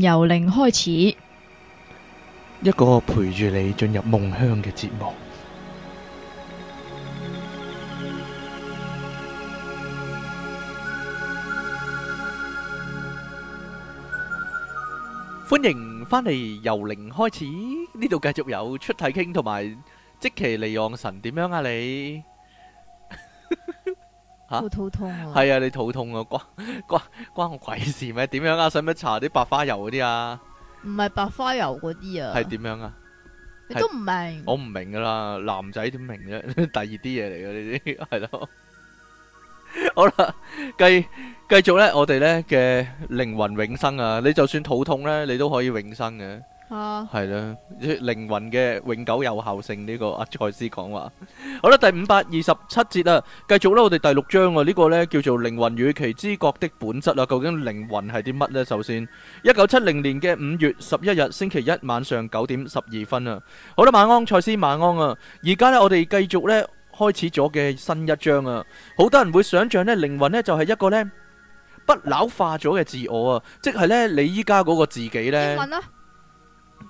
由零開始，一個陪住你進入夢鄉嘅節目。歡迎返嚟，由零開始。呢度繼續有出體傾同埋即奇利昂神，點樣啊你？肚痛蛤啊！係啊，你肚痛啊，關關關我鬼事咩？點樣啊？使唔使搽啲白花油嗰啲啊？唔係白花油嗰啲啊，係點樣啊？你都唔明，我唔明噶啦，男仔點明啫？第二啲嘢嚟嘅，呢啲，係咯。好啦，繼繼續咧，我哋咧嘅靈魂永生啊！你就算肚痛咧，你都可以永生嘅。係啦，靈、啊嗯啊、魂嘅永久有效性呢，這個阿賽斯講話，好啦，第五百二十七節啊，繼續啦，我哋第六章啊，呢，這個呢叫做靈魂與其知覺的本質啊，究竟靈魂係啲乜呢？首先，一九七零年嘅五月十一日星期一晚上九點十二分啊，好啦，晚安賽斯，晚安啊，而家呢，我哋繼續呢開始咗嘅新一章啊，好多人會想象呢靈魂呢就係、是、一個呢不老化咗嘅自我啊，即係呢你依家嗰個自己呢。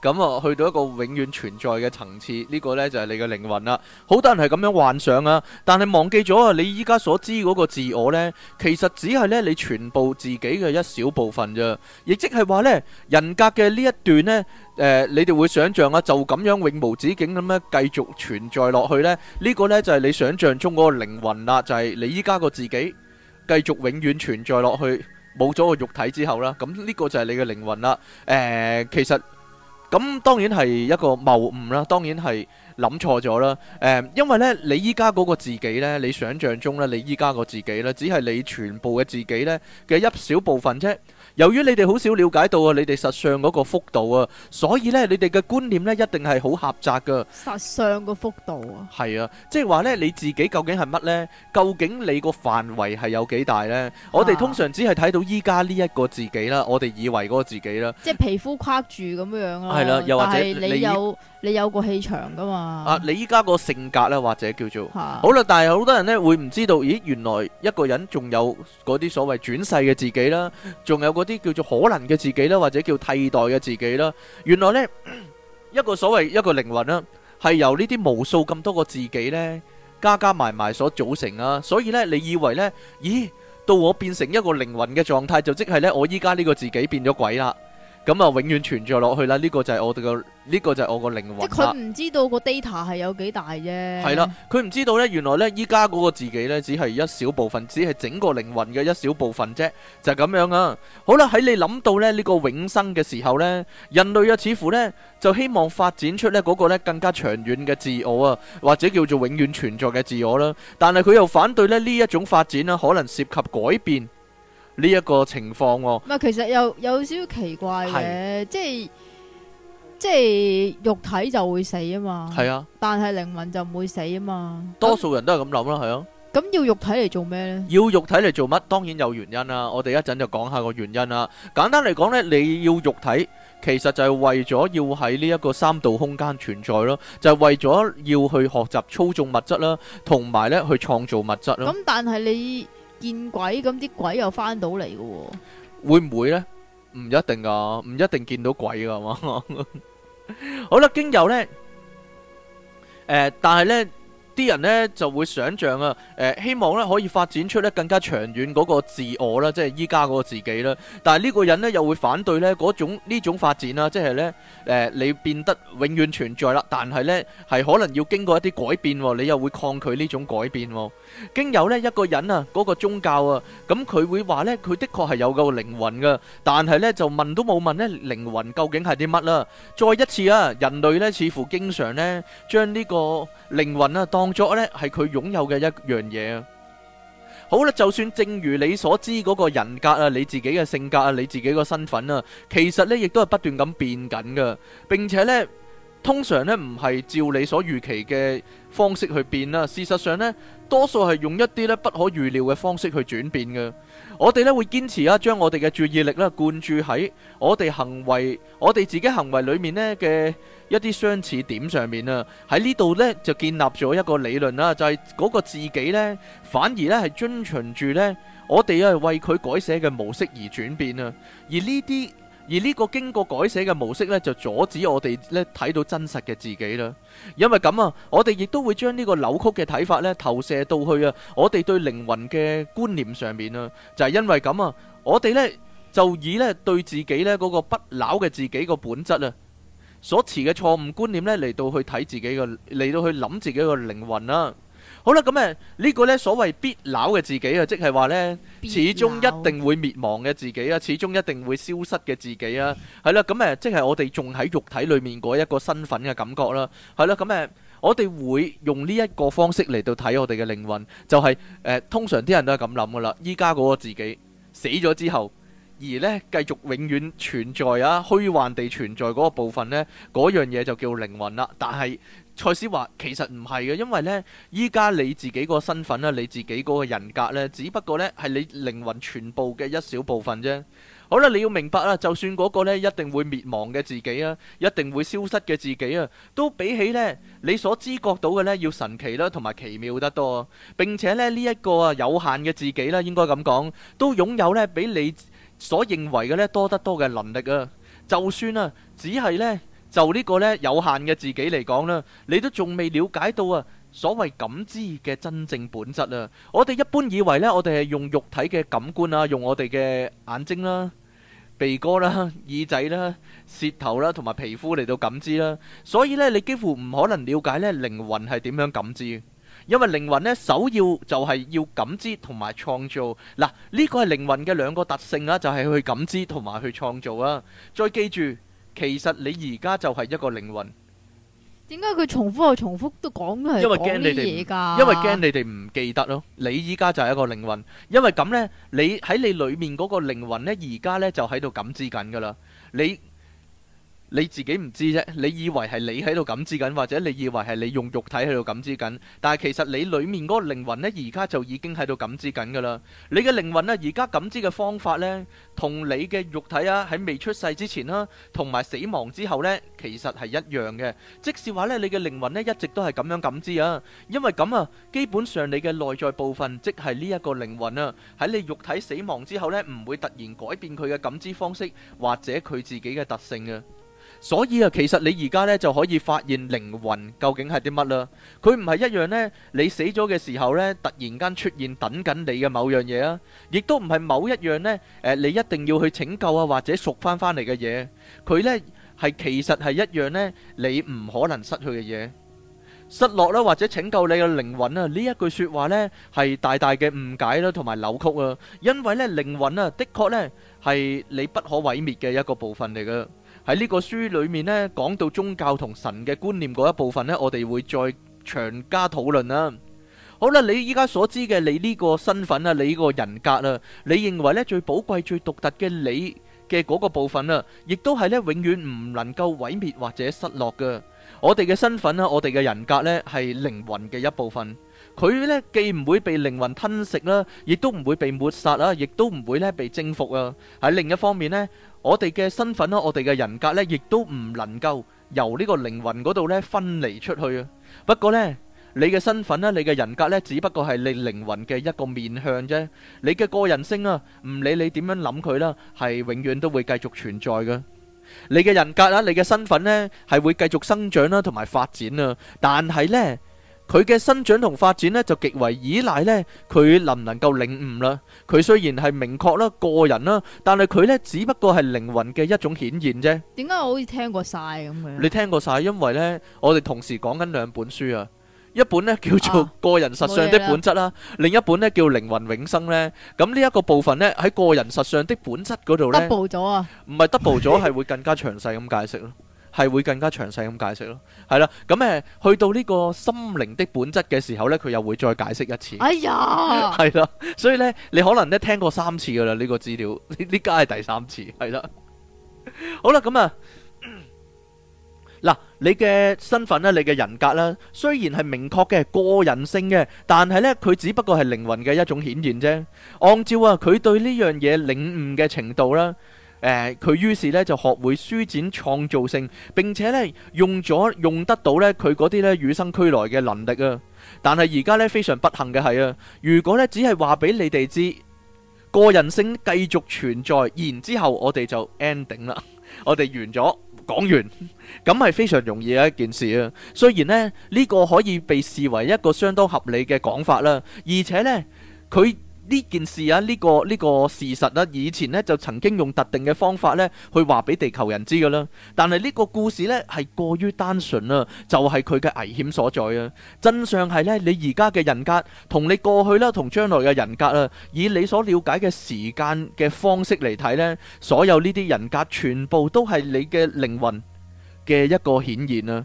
咁啊，去到一個永遠存在嘅層次，呢個呢，就係你嘅靈魂啦。好多人係咁樣幻想啊，但係忘記咗啊，你依家所知嗰個自我呢，其實只係呢你全部自己嘅一小部分啫。亦即係話呢，人格嘅呢一段呢，誒，你哋會想象啊，就咁樣永無止境咁樣繼續存在落去呢。呢個呢，就係你想象中嗰個靈魂啦，就係你依家個自己繼續永遠存在落去，冇咗個肉體之後啦，咁呢個就係你嘅靈魂啦。誒，其實。咁、嗯、當然係一個謬誤啦，當然係諗錯咗啦。誒、嗯，因為呢，你依家嗰個自己呢，你想像中呢，你依家個自己呢，只係你全部嘅自己呢嘅一小部分啫。由於你哋好少了解到啊，你哋實相嗰個幅度啊，所以呢，你哋嘅觀念呢，一定係好狹窄噶。實相個幅度啊，係啊，即係話呢，你自己究竟係乜呢？究竟你個範圍係有幾大呢？我哋通常只係睇到依家呢一個自己啦，我哋以為嗰個自己啦，啊啊、即係皮膚框住咁樣咯、啊。係啦，又或者你有你有個氣場㗎嘛。啊，你依家個性格咧，或者叫做好啦，但係好多人咧，會唔知道，咦，原來一個人仲有嗰啲所謂轉世嘅自己啦，仲有嗰啲叫做可能嘅自己啦，或者叫替代嘅自己啦。原來咧，一個所謂一個靈魂啦，係由呢啲無數咁多個自己咧加加埋埋所組成啊。所以咧，你以為咧，咦，到我變成一個靈魂嘅狀態，就即係咧，我依家呢個自己變咗鬼啦。咁啊、嗯，永遠存在落去啦！呢個就係我哋個，呢個就係我個靈魂，即佢唔知道個 data 係有幾大啫。係啦，佢唔知道呢，原來呢，依家嗰個自己呢，只係一小部分，只係整個靈魂嘅一小部分啫。就係咁樣啊。好啦，喺你諗到呢呢個永生嘅時候呢，人類啊，似乎呢，就希望發展出呢嗰個呢更加長遠嘅自我啊，或者叫做永遠存在嘅自我啦、啊。但係佢又反對呢，呢一種發展啊，可能涉及改變。呢一個情況喎，唔係其實有有少少奇怪嘅？即係即係肉體就會死啊嘛，係啊，但係靈魂就唔會死啊嘛，多數人都係咁諗啦，係啊，咁要肉體嚟做咩呢？要肉體嚟做乜？當然有原因啦，我哋一陣就講下個原因啦。簡單嚟講呢，你要肉體，其實就係為咗要喺呢一個三度空間存在咯，就係為咗要去學習操縱物質啦，同埋呢去創造物質啦。咁但係你。見鬼咁，啲鬼又翻到嚟嘅喎，會唔會咧？唔一定噶，唔一定見到鬼噶，係 嘛？ 好啦經由咧，誒、呃，但係咧。啲人咧就會想像啊，誒希望咧可以發展出咧更加長遠嗰個自我啦，即係依家嗰個自己啦。但係呢個人咧又會反對咧嗰種呢種發展啊，即係咧誒你變得永遠存在啦，但係咧係可能要經過一啲改變，你又會抗拒呢種改變。經有咧一個人啊，嗰個宗教啊，咁佢會話咧，佢的確係有個靈魂噶，但係咧就問都冇問咧靈魂究竟係啲乜啦。再一次啊，人類咧似乎經常咧將呢個靈魂啊當工作呢，係佢擁有嘅一樣嘢啊！好啦，就算正如你所知嗰個人格啊，你自己嘅性格啊，你自己個身份啊，其實呢亦都係不斷咁變緊噶，並且呢，通常呢唔係照你所預期嘅方式去變啦。事實上呢，多數係用一啲呢不可預料嘅方式去轉變嘅。我哋呢會堅持啊，將我哋嘅注意力呢，灌注喺我哋行為，我哋自己行為裏面呢嘅。一啲相似點上面啊，喺呢度呢，就建立咗一個理論啦，就係、是、嗰個自己呢，反而呢，係遵循住呢，我哋係為佢改寫嘅模式而轉變啊。而呢啲而呢個經過改寫嘅模式呢，就阻止我哋呢睇到真實嘅自己啦。因為咁啊，我哋亦都會將呢個扭曲嘅睇法呢投射到去啊，我哋對靈魂嘅觀念上面啊。就係、是、因為咁啊，我哋呢，就以呢對自己呢嗰個不朽嘅自己個本質啊，所持嘅錯誤觀念呢，嚟到去睇自己嘅，嚟到去諗自己嘅靈魂啦。好啦，咁誒呢個呢，所謂必朽嘅自己啊，即係話呢，始終一定會滅亡嘅自己啊，始終一定會消失嘅自己啊，係啦、嗯，咁誒即係我哋仲喺肉體裏面嗰一個身份嘅感覺啦，係啦，咁誒我哋會用呢一個方式嚟到睇我哋嘅靈魂，就係、是、誒、呃、通常啲人都係咁諗噶啦，依家嗰個自己死咗之後。而呢，繼續永遠存在啊，虛幻地存在嗰個部分呢，嗰樣嘢就叫靈魂啦。但係蔡思話其實唔係嘅，因為呢，依家你自己個身份啊，你自己嗰個人格呢，只不過呢，係你靈魂全部嘅一小部分啫。好啦，你要明白啦、啊，就算嗰個呢一定會滅亡嘅自己啊，一定會消失嘅自己啊，都比起呢，你所知覺到嘅呢，要神奇啦、啊，同埋奇妙得多、啊。並且呢，呢、這、一個啊有限嘅自己啦、啊，應該咁講，都擁有呢，比你所認為嘅咧多得多嘅能力啊，就算啊，只係呢，就呢個咧有限嘅自己嚟講啦，你都仲未了解到啊所謂感知嘅真正本質啊！我哋一般以為呢，我哋係用肉體嘅感官啊，用我哋嘅眼睛啦、鼻哥啦、耳仔啦、舌頭啦同埋皮膚嚟到感知啦，所以呢，你幾乎唔可能了解呢靈魂係點樣感知。因為靈魂咧，首要就係要感知同埋創造嗱，呢個係靈魂嘅兩個特性啊，就係去感知同埋去創造啊。再記住，其實你而家就係一個靈魂。點解佢重複又重複都講？因為驚你哋嘢噶，因為驚你哋唔記得咯。你依家就係一個靈魂，因為咁咧，你喺你裏面嗰個靈魂咧，而家咧就喺度感知緊噶啦，你。你自己唔知啫，你以為係你喺度感知緊，或者你以為係你用肉體喺度感知緊，但係其實你裡面嗰個靈魂呢，而家就已經喺度感知緊噶啦。你嘅靈魂啊，而家感知嘅方法呢，同你嘅肉體啊，喺未出世之前啦，同埋死亡之後呢，其實係一樣嘅。即是話呢，你嘅靈魂呢，一直都係咁樣感知啊，因為咁啊，基本上你嘅內在部分，即係呢一個靈魂啊，喺你肉體死亡之後呢，唔會突然改變佢嘅感知方式或者佢自己嘅特性嘅。所以啊，其實你而家咧就可以發現靈魂究竟係啲乜啦。佢唔係一樣咧，你死咗嘅時候咧，突然間出現等緊你嘅某樣嘢啊，亦都唔係某一樣咧，誒、呃，你一定要去拯救啊或者贖翻翻嚟嘅嘢。佢呢係其實係一樣咧，你唔可能失去嘅嘢。失落啦或者拯救你嘅靈魂啊呢一句說話呢係大大嘅誤解啦，同埋扭曲啊，因為咧靈魂啊的確呢係你不可毀滅嘅一個部分嚟嘅。喺呢個書裏面咧，講到宗教同神嘅觀念嗰一部分咧，我哋會再詳加討論啦。好啦，你依家所知嘅你呢個身份啊，你個人格啊，你認為咧最寶貴、最獨特嘅你嘅嗰個部分啊，亦都係咧永遠唔能夠毀滅或者失落嘅。我哋嘅身份咧，我哋嘅人格咧，係靈魂嘅一部分。佢咧既唔會被靈魂吞食啦，亦都唔會被抹殺啊，亦都唔會咧被征服啊。喺另一方面咧，我哋嘅身份啦，我哋嘅人格咧，亦都唔能夠由呢個靈魂嗰度咧分離出去啊。不過咧，你嘅身份啦，你嘅人格咧，只不過係你靈魂嘅一個面向啫。你嘅個人性啊，唔理你點樣諗佢啦，係永遠都會繼續存在嘅。你嘅人格啊，你嘅身份咧，係會繼續生長啦同埋發展啊。但係咧，佢嘅生長同發展咧，就極為依賴咧，佢能唔能夠領悟啦？佢雖然係明確啦，個人啦，但係佢咧只不過係靈魂嘅一種顯現啫。點解我好似聽過晒咁嘅？你聽過晒，因為咧，我哋同時講緊兩本書啊，一本咧叫做《個人實相的本質》啦，另一本咧叫《靈魂永生》咧。咁呢一個部分咧喺《個人實相的本質》嗰度咧，double 咗啊？唔係 double 咗，係會更加詳細咁解釋咯。係會更加詳細咁解釋咯，係啦，咁、嗯、誒，去到呢個心靈的本質嘅時候呢，佢又會再解釋一次。哎呀，係啦，所以呢，你可能都聽過三次噶啦呢個資料，呢呢家係第三次，係啦。 好啦，咁、嗯嗯、啊，嗱，你嘅身份咧，你嘅人格啦、啊，雖然係明確嘅係個人性嘅，但係呢，佢只不過係靈魂嘅一種顯現啫。按照啊，佢對呢樣嘢領悟嘅程度啦、啊。誒，佢於、呃、是咧就學會舒展創造性，並且咧用咗用得到咧佢嗰啲咧與生俱來嘅能力啊！但係而家咧非常不幸嘅係啊，如果咧只係話俾你哋知，個人性繼續存在，然之後我哋就 ending 啦，我哋完咗講完，咁 係非常容易嘅一件事啊！雖然呢，呢、這個可以被視為一個相當合理嘅講法啦、啊，而且呢。佢。呢件事啊，呢個呢個事實啊，以前呢就曾經用特定嘅方法呢去話俾地球人知噶啦。但係呢個故事呢，係過於單純啊，就係佢嘅危險所在啊。真相係呢，你而家嘅人格同你過去啦，同將來嘅人格啊，以你所了解嘅時間嘅方式嚟睇呢，所有呢啲人格全部都係你嘅靈魂嘅一個顯現啊。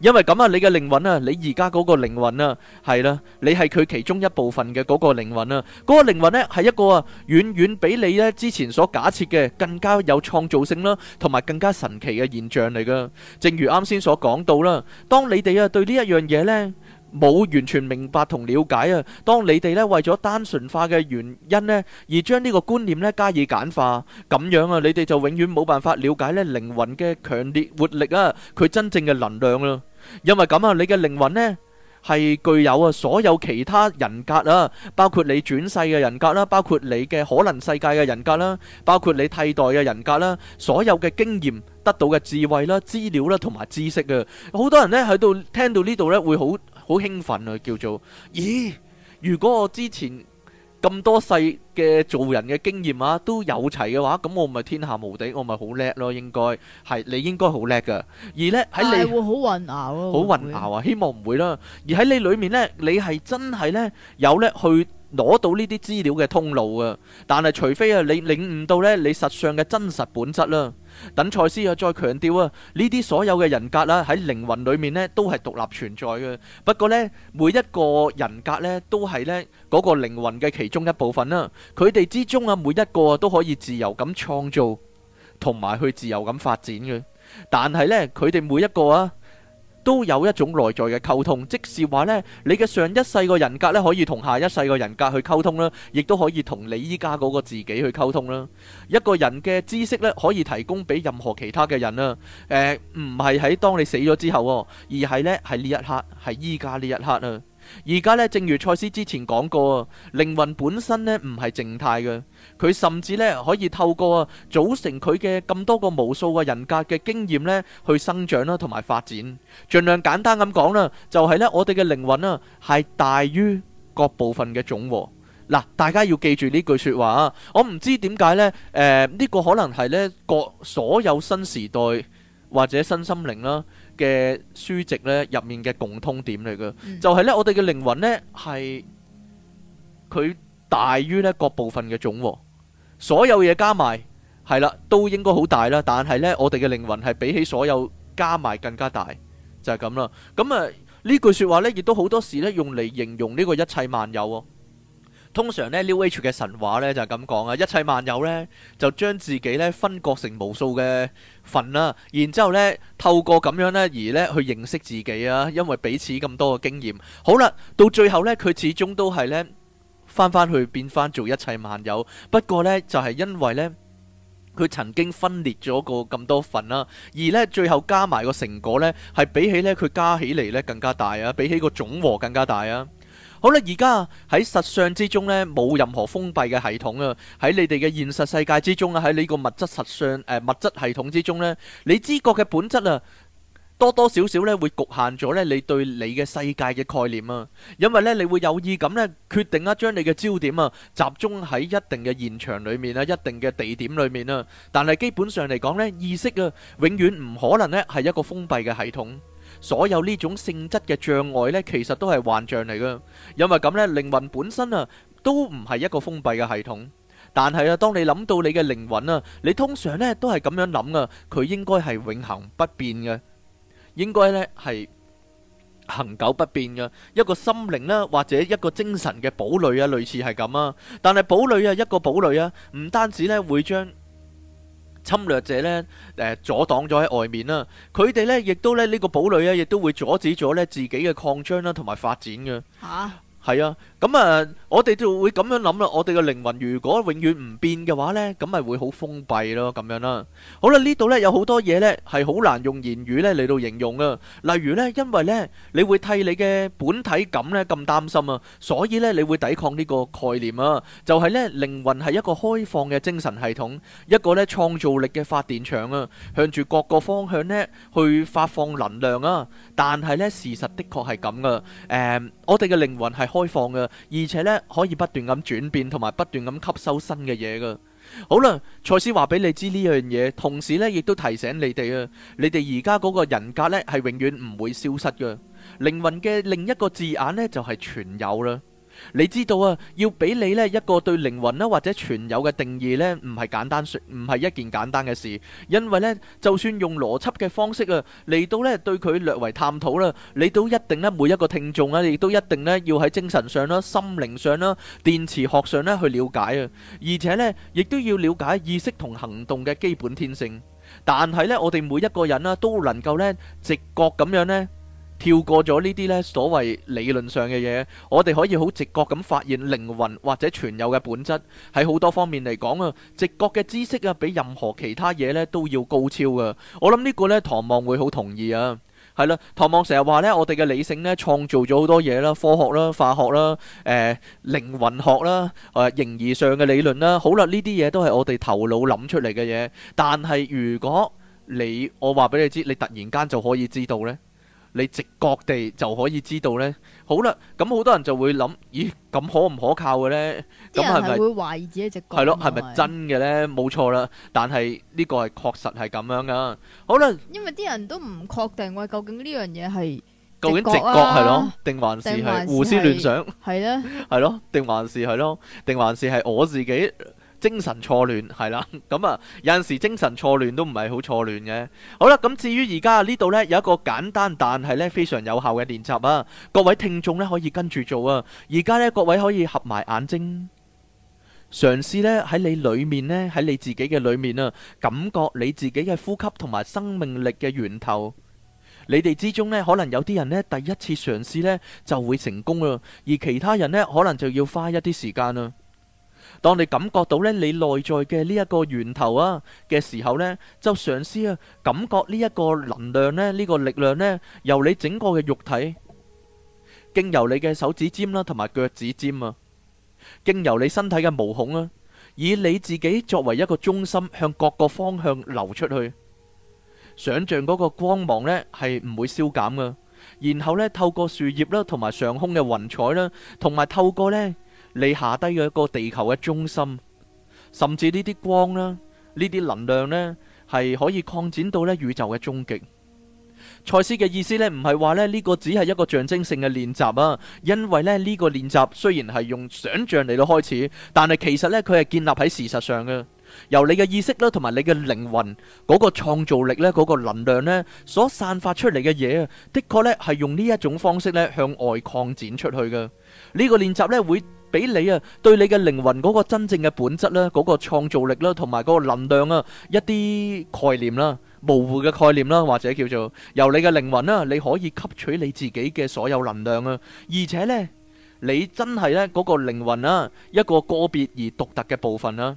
因為咁啊，你嘅靈魂啊，你而家嗰個靈魂啊，係啦，你係佢其中一部分嘅嗰個靈魂啊，嗰個靈魂呢，係一個啊，遠遠比你咧之前所假設嘅更加有創造性啦，同埋更加神奇嘅現象嚟噶。正如啱先所講到啦，當你哋啊對呢一樣嘢呢。冇完全明白同了解啊！當你哋呢為咗單純化嘅原因呢，而將呢個觀念呢加以簡化，咁樣啊，你哋就永遠冇辦法了解呢靈魂嘅強烈活力啊！佢真正嘅能量啊！因為咁啊，你嘅靈魂呢係具有啊所有其他人格啊，包括你轉世嘅人格啦，包括你嘅可能世界嘅人格啦，包括你替代嘅人格啦，所有嘅經驗、得到嘅智慧啦、資料啦同埋知識啊！好多人呢喺度聽到呢度呢會好。好興奮啊！叫做咦？如果我之前咁多世嘅做人嘅經驗啊，都有齊嘅話，咁我咪天下無敵，我咪好叻咯！應該係你應該好叻㗎。而呢喺你會好混淆咯，好混淆啊！希望唔會啦。而喺你裡面呢，你係真係呢有呢去攞到呢啲資料嘅通路啊。但係除非啊，你領悟到呢你實相嘅真實本質啦。等賽斯啊再強調啊，呢啲所有嘅人格啦，喺靈魂裏面呢都係獨立存在嘅。不過呢，每一個人格呢都係呢嗰個靈魂嘅其中一部分啦。佢哋之中啊，每一個都可以自由咁創造同埋去自由咁發展嘅。但係呢，佢哋每一個啊～都有一種內在嘅溝通，即是話呢，你嘅上一世個人格呢，可以同下一世個人格去溝通啦，亦都可以同你依家嗰個自己去溝通啦。一個人嘅知識呢，可以提供俾任何其他嘅人啦。誒、呃，唔係喺當你死咗之後喎，而係呢，係呢一刻，係依家呢一刻啊。而家咧，正如賽斯之前講過，靈魂本身咧唔係靜態嘅，佢甚至咧可以透過組成佢嘅咁多個無數嘅人格嘅經驗咧去生長啦，同埋發展。盡量簡單咁講啦，就係、是、咧我哋嘅靈魂啊係大於各部分嘅總和。嗱，大家要記住呢句說話啊！我唔知點解咧，誒、呃、呢、這個可能係咧各所有新時代或者新心靈啦。嘅書籍呢，入面嘅共通點嚟嘅，就係、是、呢。我哋嘅靈魂呢，係佢大於呢各部分嘅總和，所有嘢加埋係啦，都應該好大啦。但係呢，我哋嘅靈魂係比起所有加埋更加大，就係、是、咁啦。咁、嗯、啊呢句說話呢，亦都好多時呢，用嚟形容呢個一切萬有，啊。通常呢 New Age 嘅神話呢，就咁講啊，一切萬有呢，就將自己呢分割成無數嘅份啦，然之後呢，透過咁樣呢而呢去認識自己啊，因為彼此咁多嘅經驗。好啦，到最後呢，佢始終都係呢翻翻去變翻做一切萬有，不過呢，就係因為呢，佢曾經分裂咗個咁多份啦，而呢，最後加埋個成果呢，係比起呢，佢加起嚟呢更加大啊，比起個總和更加大啊。好啦，而家喺實相之中咧，冇任何封閉嘅系統啊！喺你哋嘅現實世界之中啊，喺呢個物質實相誒物質系統之中咧，你知覺嘅本質啊，多多少少咧會局限咗咧你對你嘅世界嘅概念啊！因為咧你會有意噉咧決定啊，將你嘅焦點啊集中喺一定嘅現場裏面啊，一定嘅地點裏面啊，但係基本上嚟講咧，意識啊永遠唔可能咧係一個封閉嘅系統。所有呢種性質嘅障礙咧，其實都係幻象嚟噶。因為咁咧，靈魂本身啊，都唔係一個封閉嘅系統。但係啊，當你諗到你嘅靈魂啊，你通常咧都係咁樣諗噶諗啊，佢應該係永恆不變嘅，應該咧係恆久不變嘅一個心靈啦，或者一個精神嘅堡壘啊，類似係咁啊。但係堡壘啊，一個堡壘啊，唔單止咧會將。侵略者咧，誒阻擋咗喺外面啦。佢哋咧，亦都咧呢個堡壘咧，亦都會阻止咗咧自己嘅擴張啦，同埋發展嘅。嚇！係啊，咁、嗯、啊，我哋就會咁樣諗啦。我哋嘅靈魂如果永遠唔變嘅話呢，咁咪會好封閉咯，咁樣啦、啊。好啦，呢度呢有好多嘢呢係好難用言語呢嚟到形容啊。例如呢，因為呢，你會替你嘅本體感呢咁擔心啊，所以呢，你會抵抗呢個概念啊。就係呢，靈魂係一個開放嘅精神系統，一個呢創造力嘅發電廠啊，向住各個方向呢去發放能量啊。但係呢，事實的確係咁噶，誒、嗯。我哋嘅靈魂係開放嘅，而且呢，可以不斷咁轉變，同埋不斷咁吸收新嘅嘢噶。好啦，賽斯話俾你知呢樣嘢，同時呢，亦都提醒你哋啊，你哋而家嗰個人格呢，係永遠唔會消失嘅。靈魂嘅另一個字眼呢，就係存有啦。你知道啊，要俾你呢一個對靈魂啦或者存有嘅定義呢，唔係簡單說，唔係一件簡單嘅事。因為呢，就算用邏輯嘅方式啊，嚟到呢對佢略為探討啦，你都一定呢，每一個聽眾啊，亦都一定呢，要喺精神上啦、心靈上啦、電磁學上呢去了解啊，而且呢，亦都要了解意識同行動嘅基本天性。但係呢，我哋每一個人啦都能夠呢，直覺咁樣呢。跳過咗呢啲呢所謂理論上嘅嘢，我哋可以好直覺咁發現靈魂或者存有嘅本質喺好多方面嚟講啊，直覺嘅知識啊，比任何其他嘢呢都要高超啊。我諗呢個呢，唐望會好同意啊。係啦，唐望成日話呢，我哋嘅理性呢，創造咗好多嘢啦，科學啦、化學啦、誒、呃、靈魂學啦、誒、呃、形而上嘅理論啦。好啦，呢啲嘢都係我哋頭腦諗出嚟嘅嘢，但係如果你我話俾你知，你突然間就可以知道呢。你直覺地就可以知道呢。好啦，咁好多人就會諗，咦，咁可唔可靠嘅呢？咁係咪？啲人係會懷疑自己直覺，係咯，係咪真嘅呢？冇錯啦，但係呢個係確實係咁樣噶。好啦，因為啲人都唔確定喂，究竟呢樣嘢係究竟直覺係咯，還是係定還是係胡思亂想？係咧呢，係咯， 定還是係咯，定還是係我自己？精神錯亂係啦，咁啊有陣時精神錯亂都唔係好錯亂嘅。好啦，咁、嗯、至於而家呢度呢，有一個簡單但係呢非常有效嘅練習啊，各位聽眾呢，可以跟住做啊。而家呢，各位可以合埋眼睛，嘗試呢，喺你裏面呢，喺你自己嘅裏面啊，感覺你自己嘅呼吸同埋生命力嘅源頭。你哋之中呢，可能有啲人呢，第一次嘗試呢就會成功啊，而其他人呢，可能就要花一啲時間啊。當你感覺到咧，你內在嘅呢一個源頭啊，嘅時候咧，就嘗試啊，感覺呢一個能量咧，呢個力量咧，由你整個嘅肉體，經由你嘅手指尖啦，同埋腳趾尖啊，經由你身體嘅毛孔啊，以你自己作為一個中心，向各個方向流出去。想象嗰個光芒咧係唔會消減噶，然後咧透過樹葉啦，同埋上空嘅雲彩啦，同埋透過咧。你下低嘅一個地球嘅中心，甚至呢啲光啦，呢啲能量呢，係可以擴展到呢宇宙嘅終極。賽斯嘅意思呢，唔係話呢，呢個只係一個象徵性嘅練習啊，因為呢，呢個練習雖然係用想象嚟到開始，但係其實呢，佢係建立喺事實上嘅。由你嘅意識啦，同埋你嘅靈魂嗰個創造力呢，嗰個能量呢，所散發出嚟嘅嘢啊，的確呢，係用呢一種方式呢向外擴展出去嘅。呢、呢個練習呢，會俾你啊，對你嘅靈魂嗰個真正嘅本質啦，嗰個創造力啦，同埋嗰個能量啊，一啲概念啦，模糊嘅概念啦，或者叫做由你嘅靈魂啦，你可以吸取你自己嘅所有能量啊，而且呢，你真係呢，嗰個靈魂啦，一個個別而獨特嘅部分啦，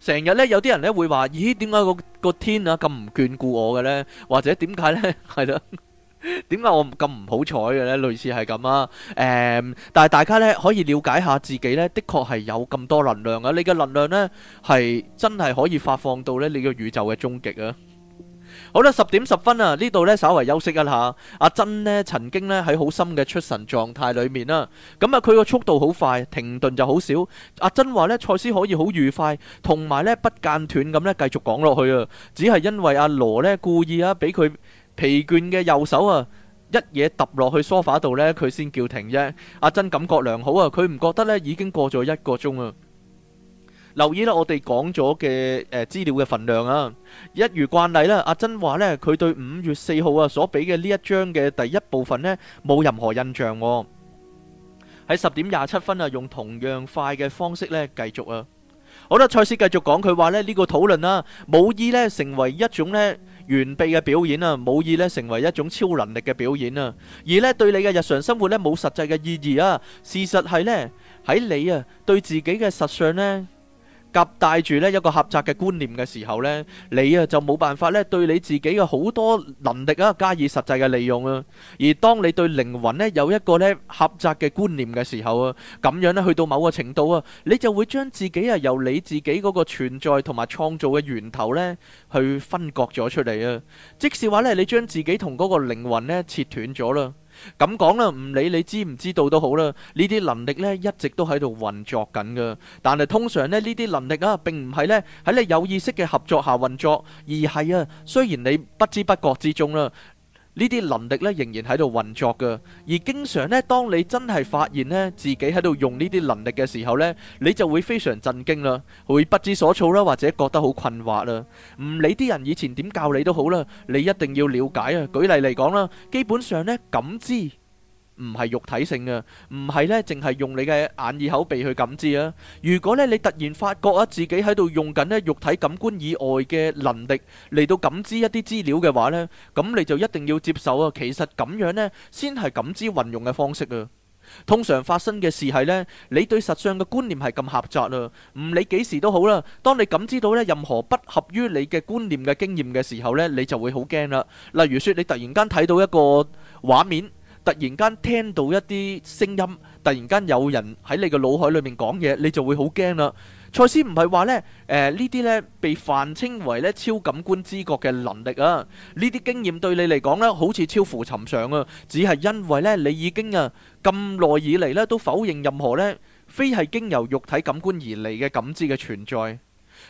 成日呢，有啲人呢會話，咦，點解個個天啊咁唔眷顧我嘅呢？或者點解呢？係啦。點解我咁唔好彩嘅呢？類似係咁啊，誒，但係大家呢可以了解下自己呢，的確係有咁多能量啊！你嘅能量呢係真係可以發放到呢你個宇宙嘅終極啊！好啦，十點十分啊，呢度呢稍為休息一下。阿珍呢曾經呢喺好深嘅出神狀態裏面啦，咁啊佢個速度好快，停頓就好少。阿珍話呢賽斯可以好愉快，同埋呢不間斷咁呢繼續講落去啊，只係因為阿羅呢故意啊俾佢疲倦嘅右手啊，一嘢揼落去梳化度咧，佢先叫停啫。阿珍感覺良好啊，佢唔覺得咧已經過咗一個鐘啊。留意啦，我哋講咗嘅誒資料嘅份量啊，一如慣例啦。阿珍話咧，佢對五月四號啊所俾嘅呢一章嘅第一部分咧，冇任何印象。喺十點廿七分啊，用同樣快嘅方式咧繼續啊。好啦，賽斯繼續講，佢話咧呢個討論啦，冇意咧成為一種咧，完備嘅表演啊，冇意呢成為一種超能力嘅表演啊，而呢，對你嘅日常生活呢，冇實際嘅意義啊。事實係呢，喺你啊，對自己嘅實相呢，夾帶住咧一個狹窄嘅觀念嘅時候呢，你啊就冇辦法咧對你自己嘅好多能力啊加以實際嘅利用啊。而當你對靈魂咧有一個咧狹窄嘅觀念嘅時候啊，咁樣咧去到某個程度啊，你就會將自己啊由你自己嗰個存在同埋創造嘅源頭咧去分割咗出嚟啊，即是話咧你將自己同嗰個靈魂咧切斷咗啦。咁講啦，唔理你知唔知道都好啦，呢啲能力呢一直都喺度運作緊㗎。但係通常呢，呢啲能力啊並唔係呢喺你有意識嘅合作下運作，而係啊雖然你不知不覺之中啦。呢啲能力咧仍然喺度運作㗎，而經常呢，當你真係發現呢，自己喺度用呢啲能力嘅時候呢，你就會非常震驚啦，會不知所措啦，或者覺得好困惑啦。唔理啲人以前點教你都好啦，你一定要了解啊。舉例嚟講啦，基本上呢，感知。唔係肉體性嘅，唔係咧，淨係用你嘅眼耳口鼻去感知啊。如果咧你突然發覺啊自己喺度用緊咧肉體感官以外嘅能力嚟到感知一啲資料嘅話咧，咁你就一定要接受啊。其實咁樣咧，先係感知運用嘅方式啊。通常發生嘅事係咧，你對實相嘅觀念係咁狹窄啊。唔理幾時都好啦，當你感知到咧任何不合於你嘅觀念嘅經驗嘅時候咧，你就會好驚啦。例如說，你突然間睇到一個畫面。突然間聽到一啲聲音，突然間有人喺你嘅腦海裏面講嘢，你就會好驚啦。賽斯唔係話咧，誒呢啲咧被泛稱為咧超感官知覺嘅能力啊，呢啲經驗對你嚟講咧好似超乎尋常啊，只係因為咧你已經啊咁耐以嚟咧都否認任何咧非係經由肉體感官而嚟嘅感知嘅存在。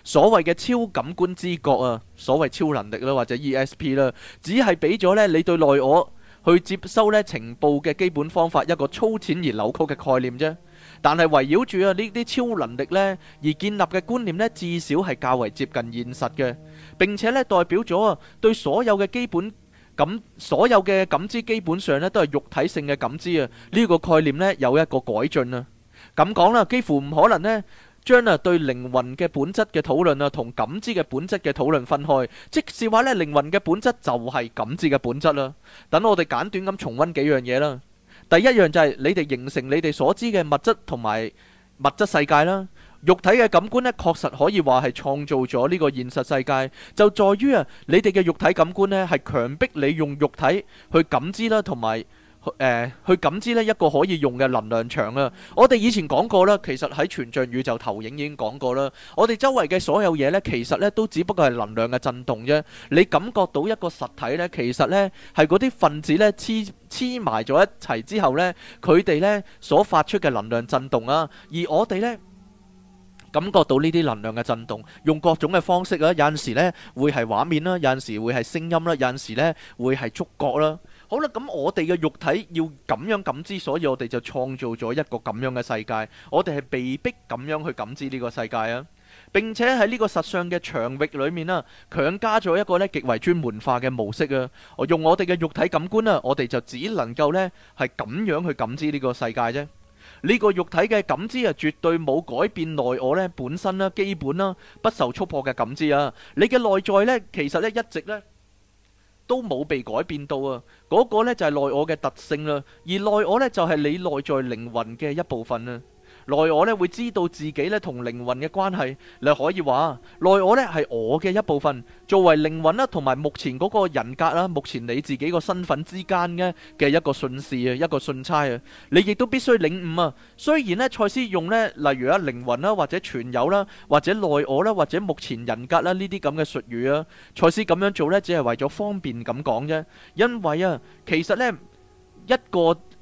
所謂嘅超感官知覺啊，所謂超能力啦或者 ESP 啦，只係俾咗咧你對內我，去接收呢情報嘅基本方法，一個粗淺而扭曲嘅概念啫。但係圍繞住呢啲超能力呢，而建立嘅觀念呢至少係較為接近現實嘅。並且呢代表咗對所有嘅基本感，所有嘅感知基本上呢都係肉體性嘅感知啊，呢個概念呢有一個改進啊。咁講啦，幾乎唔可能呢。將啊對靈魂嘅本質嘅討論啊同感知嘅本質嘅討論分開，即是話咧靈魂嘅本質就係感知嘅本質啦。等我哋簡短咁重溫幾樣嘢啦。第一樣就係你哋形成你哋所知嘅物質同埋物質世界啦。肉體嘅感官咧確實可以話係創造咗呢個現實世界，就在於啊你哋嘅肉體感官咧係強迫你用肉體去感知啦，同埋，誒去感知咧一個可以用嘅能量場啊！我哋以前講過啦，其實喺全像宇宙投影已經講過啦。我哋周圍嘅所有嘢咧，其實咧都只不過係能量嘅震動啫。你感覺到一個實體咧，其實咧係嗰啲分子咧黐黐埋咗一齊之後咧，佢哋咧所發出嘅能量震動啊。而我哋咧感覺到呢啲能量嘅震動，用各種嘅方式啊，有陣時咧會係畫面啦，有陣時會係聲音啦，有陣時咧會係觸覺啦。好啦，咁我哋嘅肉體要咁樣感知，所以我哋就創造咗一個咁樣嘅世界。我哋係被逼咁樣去感知呢個世界啊，並且喺呢個實相嘅場域裏面啦，強加咗一個咧極為專門化嘅模式啊！用我哋嘅肉體感官啦，我哋就只能夠咧係咁樣去感知呢個世界啫。呢個肉體嘅感知啊，絕對冇改變內我咧本身啦、基本啦、不受觸破嘅感知啊。你嘅內在咧，其實咧一直咧。都冇被改變到啊！嗰個呢就係內我嘅特性啦，而內我呢就係你內在靈魂嘅一部分啊！內我咧會知道自己咧同靈魂嘅關係，你可以話啊，內我咧係我嘅一部分，作為靈魂啦同埋目前嗰個人格啦、啊，目前你自己個身份之間嘅嘅一個信使啊，一個信差啊，你亦都必須領悟啊。雖然咧賽斯用咧例如啊靈魂啦、啊，或者全我啦，或者內我啦、啊，或者目前人格啦呢啲咁嘅術語啊，賽斯咁樣做咧只係為咗方便咁講啫，因為啊其實呢一個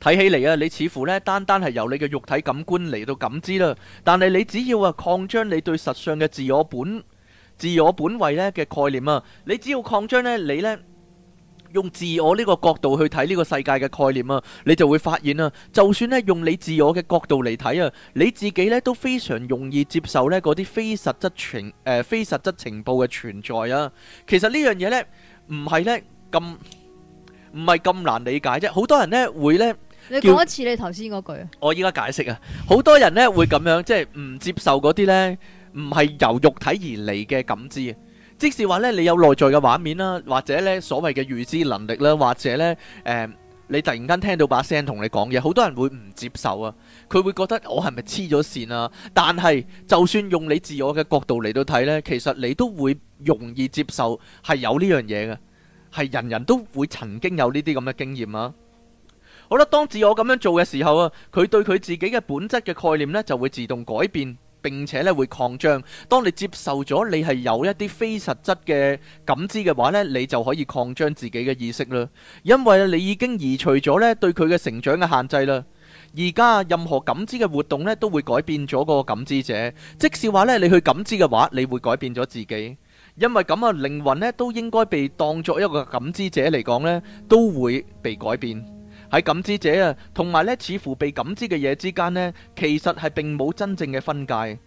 睇起嚟啊，你似乎咧單單係由你嘅肉體感官嚟到感知啦。但係你只要啊擴張你對實相嘅自我本自我本位咧嘅概念啊，你只要擴張咧，你咧用自我呢個角度去睇呢個世界嘅概念啊，你就會發現啊，就算咧用你自我嘅角度嚟睇啊，你自己咧都非常容易接受咧嗰啲非實質情誒、呃、非實質情報嘅存在啊。其實呢樣嘢咧唔係咧咁，唔係咁難理解啫。好多人咧會咧。你講一次你頭先嗰句啊？我依家解釋啊，好多人呢會咁樣，即係唔接受嗰啲呢唔係由肉體而嚟嘅感知啊。即使話呢，你有內在嘅畫面啦、啊，或者呢所謂嘅預知能力啦、啊，或者呢誒、呃，你突然間聽到把聲同你講嘢，好多人會唔接受啊。佢會覺得我係咪黐咗線啊。但係就算用你自我嘅角度嚟到睇呢，其實你都會容易接受係有呢樣嘢嘅，係人人都會曾經有呢啲咁嘅經驗啊。好啦，當自我咁樣做嘅時候啊，佢對佢自己嘅本質嘅概念呢就會自動改變，並且呢會擴張。當你接受咗你係有一啲非實質嘅感知嘅話呢，你就可以擴張自己嘅意識啦。因為你已經移除咗呢對佢嘅成長嘅限制啦。而家任何感知嘅活動呢，都會改變咗個感知者，即使話呢，你去感知嘅話，你會改變咗自己。因為咁啊，靈魂呢都應該被當作一個感知者嚟講呢，都會被改變。喺感知者啊，同埋呢，似乎被感知嘅嘢之間呢，其實係並冇真正嘅分界。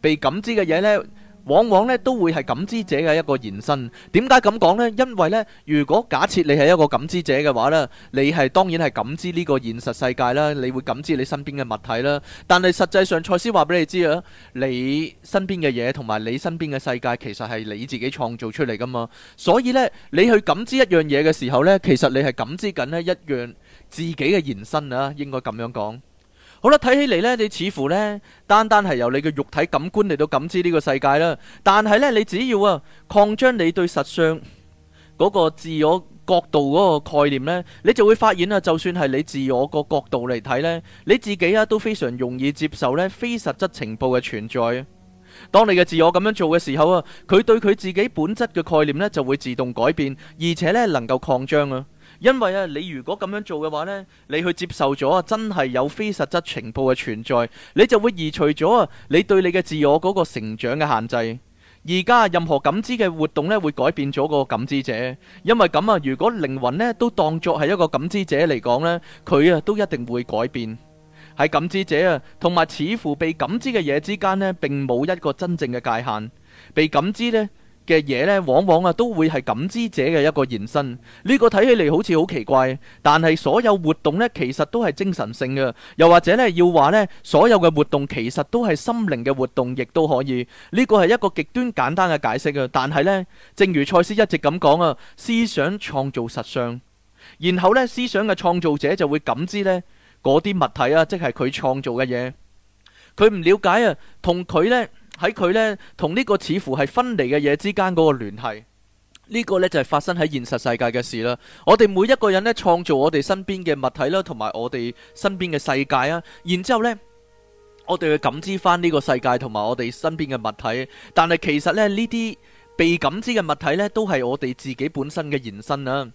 被感知嘅嘢呢，往往呢都會係感知者嘅一個延伸。點解咁講呢？因為呢，如果假設你係一個感知者嘅話呢，你係當然係感知呢個現實世界啦，你會感知你身邊嘅物體啦。但係實際上，賽斯話俾你知啊，你身邊嘅嘢同埋你身邊嘅世界，其實係你自己創造出嚟噶嘛。所以呢，你去感知一樣嘢嘅時候呢，其實你係感知緊呢一樣。一自己嘅延伸啊，應該咁樣講。好啦，睇起嚟咧，你似乎咧，單單係由你嘅肉體感官嚟到感知呢個世界啦。但係咧，你只要啊，擴張你對實相嗰個自我角度嗰個概念咧，你就會發現啊，就算係你自我個角度嚟睇咧，你自己啊都非常容易接受咧非實質情報嘅存在。當你嘅自我咁樣做嘅時候啊，佢對佢自己本質嘅概念咧就會自動改變，而且咧能夠擴張啊。因為啊，你如果咁樣做嘅話呢，你去接受咗啊，真係有非實質情報嘅存在，你就會移除咗啊，你對你嘅自我嗰個成長嘅限制。而家任何感知嘅活動呢，會改變咗個感知者。因為咁啊，如果靈魂呢都當作係一個感知者嚟講呢，佢啊都一定會改變。喺感知者啊，同埋似乎被感知嘅嘢之間呢，並冇一個真正嘅界限。被感知呢。嘅嘢呢，往往啊都會係感知者嘅一個延伸。呢個睇起嚟好似好奇怪，但係所有活動呢，其實都係精神性嘅。又或者呢，要話呢，所有嘅活動其實都係心靈嘅活動，亦都可以。呢個係一個極端簡單嘅解釋啊。但係呢，正如賽斯一直咁講啊，思想創造實相，然後呢，思想嘅創造者就會感知呢嗰啲物體啊，即係佢創造嘅嘢。佢唔了解啊，同佢呢。喺佢呢，同呢個似乎係分離嘅嘢之間嗰個聯繫，呢個呢就係發生喺現實世界嘅事啦。我哋每一個人呢，創造我哋身邊嘅物體啦，同埋我哋身邊嘅世界啊，然之後呢我哋去感知翻呢個世界同埋我哋身邊嘅物體，但係其實呢，呢啲被感知嘅物體呢，都係我哋自己本身嘅延伸啊。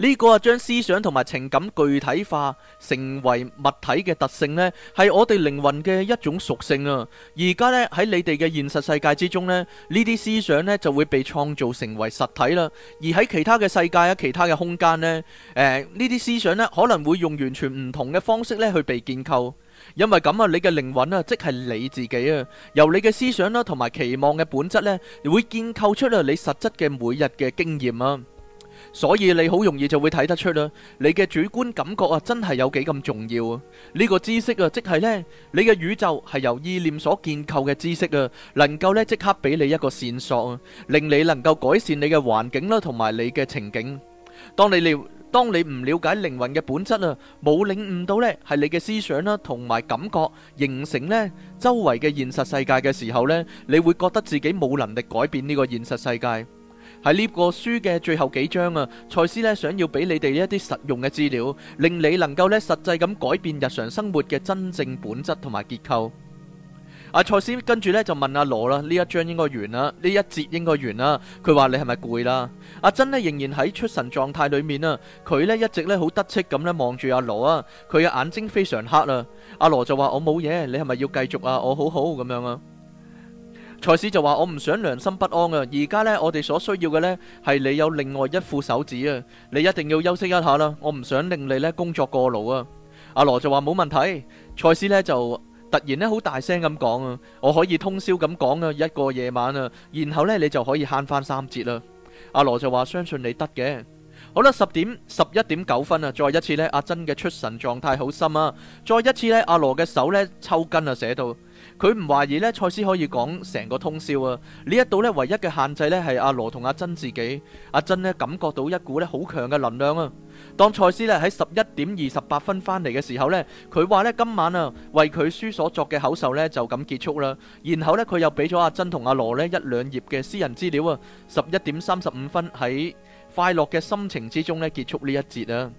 呢個啊，將思想同埋情感具體化成為物體嘅特性咧，係我哋靈魂嘅一種屬性啊。而家咧喺你哋嘅現實世界之中咧，呢啲思想咧就會被創造成為實體啦。而喺其他嘅世界啊，其他嘅空間咧，誒呢啲思想咧可能會用完全唔同嘅方式咧去被建構。因為咁啊，你嘅靈魂啊，即係你自己啊，由你嘅思想啦同埋期望嘅本質咧，會建構出啊你實質嘅每日嘅經驗啊。所以你好容易就會睇得出啦、啊，你嘅主觀感覺啊，真係有幾咁重要啊！呢、呢個知識啊，即係呢，你嘅宇宙係由意念所建構嘅知識啊，能夠呢即刻俾你一個線索啊，令你能夠改善你嘅環境啦、啊，同埋你嘅情景。當你了，當你唔了解靈魂嘅本質啊，冇領悟到呢係你嘅思想啦、啊，同埋感覺形成呢周圍嘅現實世界嘅時候呢，你會覺得自己冇能力改變呢個現實世界。喺呢個書嘅最後幾章啊，蔡司呢想要俾你哋一啲實用嘅資料，令你能夠呢實際咁改變日常生活嘅真正本質同埋結構。阿蔡司跟住呢就問阿羅啦，呢一章應該完啦、啊，呢一節應該完啦、啊。佢話你係咪攰啦？阿、啊、珍呢仍然喺出神狀態裏面啊，佢呢一直呢好得戚咁呢望住阿羅啊，佢嘅眼睛非常黑啊。阿、啊、羅就話我冇嘢，你係咪要繼續啊？我好好咁、啊、樣啊。蔡司就話：我唔想良心不安啊！而家咧，我哋所需要嘅咧，係你有另外一副手指啊！你一定要休息一下啦，我唔想令你咧工作過勞啊！阿羅就話冇問題。蔡司咧就突然咧好大聲咁講啊！我可以通宵咁講啊，一個夜晚啊，然後咧你就可以慳翻三節啦！阿羅就話相信你得嘅。好啦，十點十一點九分啊，再一次咧，阿珍嘅出神狀態好深啊，再一次咧，阿羅嘅手咧抽筋啊，寫到。佢唔懷疑咧，賽斯可以講成個通宵啊！呢一度咧，唯一嘅限制咧係阿羅同阿珍自己。阿珍咧感覺到一股咧好強嘅能量啊！當賽斯咧喺十一點二十八分返嚟嘅時候呢，佢話咧今晚啊為佢書所作嘅口授咧就咁結束啦。然後呢，佢又俾咗阿珍同阿羅咧一兩頁嘅私人資料啊！十一點三十五分喺快樂嘅心情之中咧結束呢一節啊！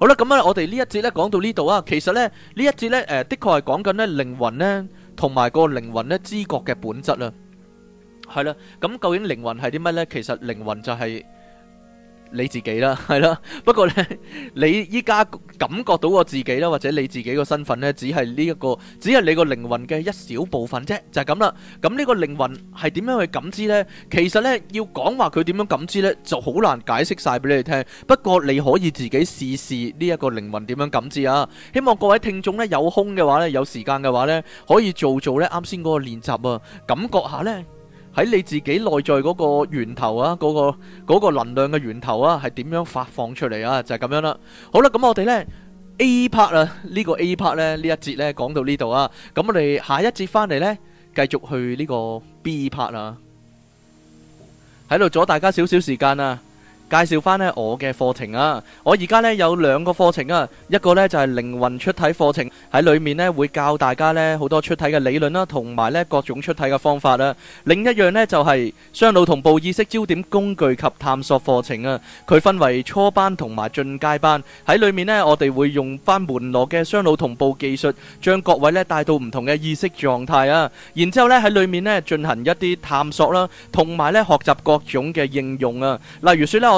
好啦，咁啊，我哋呢一節呢講到呢度啊，其實呢呢一節呢，誒、呃，的確係講緊呢靈魂呢，同埋個靈魂呢知覺嘅本質啊。係啦，咁究竟靈魂係啲乜呢？其實靈魂就係、是。你自己啦，係啦。不過呢，你依家感覺到我自己啦，或者你自己個身份呢，只係呢一個，只係你個靈魂嘅一小部分啫，就係咁啦。咁呢個靈魂係點樣去感知呢？其實呢，要講話佢點樣感知呢，就好難解釋晒俾你哋聽。不過你可以自己試試呢一個靈魂點樣感知啊！希望各位聽眾呢，有空嘅話呢，有時間嘅話呢，可以做做呢啱先嗰個練習啊，感覺下呢。喺你自己內在嗰個源頭啊，嗰、嗰個、嗰個能量嘅源頭啊，係點樣發放出嚟啊？就係、係、咁樣啦。好啦，咁我哋呢 A part 啊，呢、呢個 A part 呢，呢一節呢，講到呢度啊，咁我哋下一節翻嚟呢，繼續去呢個 B part 啊，喺度阻大家少少時間啊。介紹翻咧我嘅課程啊！我而家咧有兩個課程啊，一個咧就係靈魂出體課程，喺裏面咧會教大家咧好多出體嘅理論啦，同埋咧各種出體嘅方法啦。另一樣咧就係雙腦同步意識焦點工具及探索課程啊。佢分為初班同埋進階班，喺裏面咧我哋會用返門羅嘅雙腦同步技術，將各位咧帶到唔同嘅意識狀態啊。然之後咧喺裏面咧進行一啲探索啦，同埋咧學習各種嘅應用啊。例如説咧我。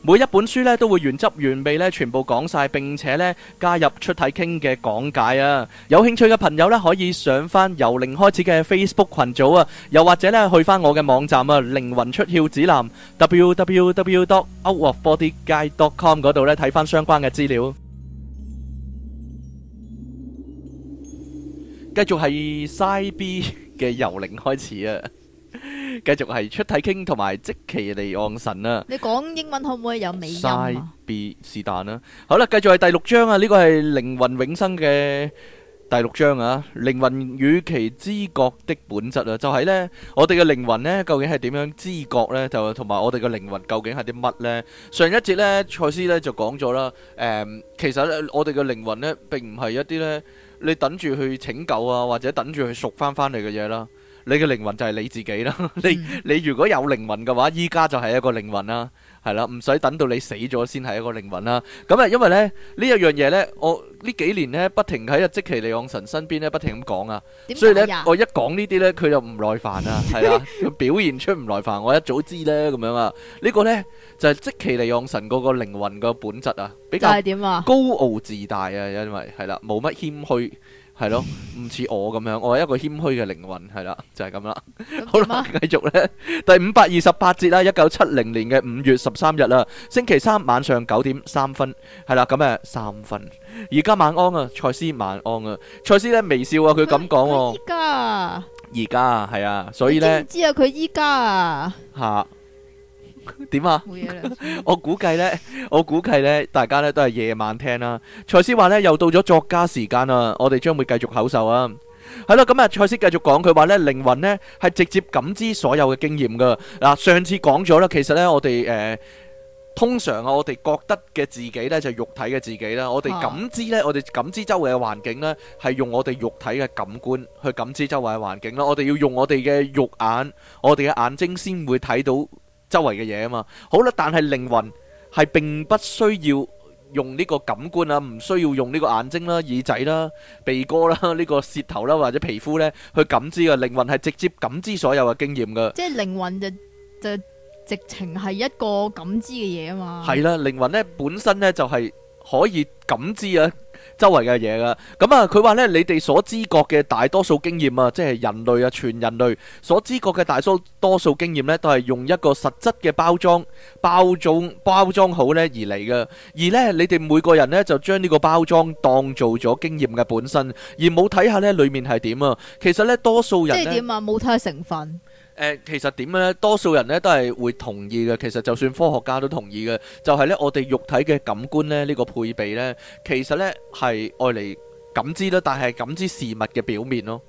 每一本書咧都會原汁原味咧全部講晒，並且咧加入出體傾嘅講解啊！有興趣嘅朋友咧可以上翻由零開始嘅 Facebook 群組啊，又或者咧去翻我嘅網站啊，靈魂出竅指南 www.outofbodyguide.com 嗰度咧睇翻相關嘅資料。繼續係 Side B 嘅由零開始啊！繼續係出體傾同埋即其離岸神啦，啊。你講英文可唔可以有美音啊，是但啦。好啦，繼續係第六章啊。呢個係靈魂永生嘅第六章啊。靈魂及其知覺的本質啊，就係、是、呢，我哋嘅靈魂呢，究竟係點樣知覺呢？就同埋我哋嘅靈魂究竟係啲乜呢？上一節呢，賽斯呢就講咗啦。誒、嗯，其實呢，我哋嘅靈魂呢並唔係一啲呢，你等住去拯救啊，或者等住去贖翻翻嚟嘅嘢啦。你嘅靈魂就係你自己啦。你你如果有靈魂嘅話，依家就係一個靈魂啦，係啦，唔使等到你死咗先係一個靈魂啦。咁啊，因為咧呢一樣嘢咧，我呢幾年咧不停喺阿即其利昂神身邊咧不停咁講啊。點解啊？所以咧，我一講呢啲咧，佢就唔耐煩啊，係啊，佢表現出唔耐煩，我一早知咧咁樣啊。呢個咧就係即其利昂神嗰個靈魂嘅本質啊，比較高傲自大啊，因為係啦，冇乜謙虛。係咯，唔似我咁樣，我係一個謙虛嘅靈魂，係啦，就係咁啦。好啦，啊，繼續咧，第五百二十八節啦，一九七零年嘅五月十三日啦，星期三晚上九點三分，係啦，咁啊三分。而家晚安啊，蔡思晚安啊，蔡思咧微笑啊，佢咁講喎。而家，而家係啊，所以咧。知啊，佢而家啊。吓。點啊？怎 我估計呢，我估計呢，大家呢都係夜晚聽啦。蔡司話呢，又到咗作家時間啦，我哋將會繼續口授啊。係 咯，咁、嗯、啊，蔡司繼續講，佢話呢，靈魂呢係直接感知所有嘅經驗㗎。嗱、啊，上次講咗啦，其實呢，我哋誒、呃，通常啊，我哋覺得嘅自己呢，就係、是、肉體嘅自己啦。我哋感知呢，啊、我哋感知周圍嘅環境呢，係用我哋肉體嘅感官去感知周圍嘅環境啦。我哋要用我哋嘅肉眼，我哋嘅眼睛先會睇到。周圍嘅嘢啊嘛，好啦，但係靈魂係並不需要用呢個感官啊，唔需要用呢個眼睛啦、耳仔啦、鼻哥啦、呢個舌頭啦或者皮膚呢去感知嘅，靈魂係直接感知所有嘅經驗噶。即係靈魂就就直情係一個感知嘅嘢啊嘛。係啦，靈魂呢本身呢就係可以感知啊。周圍嘅嘢噶，咁啊，佢話呢，你哋所知覺嘅大多數經驗啊，即係人類啊，全人類所知覺嘅大多多數經驗呢，都係用一個實質嘅包裝、包裝、包裝好呢而嚟噶。而呢，你哋每個人呢，就將呢個包裝當做咗經驗嘅本身，而冇睇下呢裏面係點啊。其實呢，多數人即係點啊，冇睇成分。其實點呢？多數人呢都係會同意嘅。其實就算科學家都同意嘅，就係呢我哋肉體嘅感官呢，呢個配備呢，其實呢係愛嚟感知啦，但係感知事物嘅表面咯，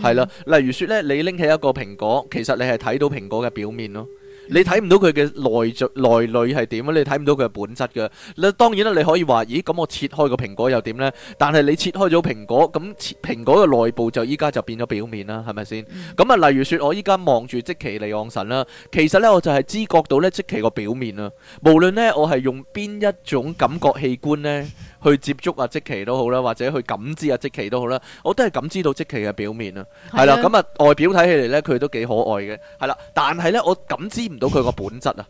係啦，嗯。例如説呢，你拎起一個蘋果，其實你係睇到蘋果嘅表面咯。你睇唔到佢嘅內在內裏係點啊？你睇唔到佢嘅本質嘅。那當然啦，你可以話：「咦，咁我切開個蘋果又點呢？」但係你切開咗蘋果，咁蘋果嘅內部就依家就變咗表面啦，係咪先？咁啊、嗯，例如説我依家望住即其尼盎神啦，其實呢，我就係知覺到呢即其個表面啊。無論呢，我係用邊一種感覺器官呢，去接觸阿積奇都好啦，或者去感知阿積奇都好啦，我都係感知到積奇嘅表面啊，係啦的，咁啊，外表睇起嚟咧，佢都幾可愛嘅，係啦，但係咧我感知唔到佢個本質啊，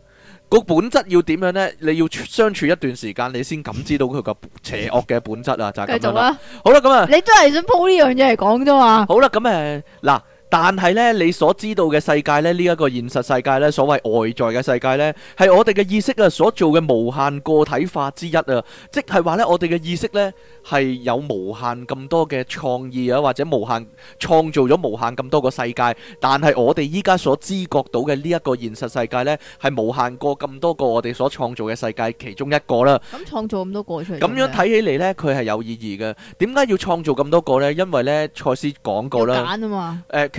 個 本質要點樣咧？你要相處一段時間，你先感知到佢個邪惡嘅本質啊，就係咁啦。繼續好啦，咁、嗯、啊，你都係想鋪呢樣嘢嚟講啫嘛？好啦，咁誒嗱。嗯但係咧，你所知道嘅世界咧，呢一個現實世界咧，所謂外在嘅世界咧，係我哋嘅意識啊所做嘅無限個體化之一啊，即係話咧，我哋嘅意識咧係有無限咁多嘅創意啊，或者無限創造咗無限咁多個世界。但係我哋依家所知覺到嘅呢一個現實世界咧，係無限過咁多個我哋所創造嘅世界其中一個啦。咁創造咁多個出嚟，咁樣睇起嚟咧，佢係有意義嘅。點解要創造咁多個咧？因為咧，賽斯講過啦，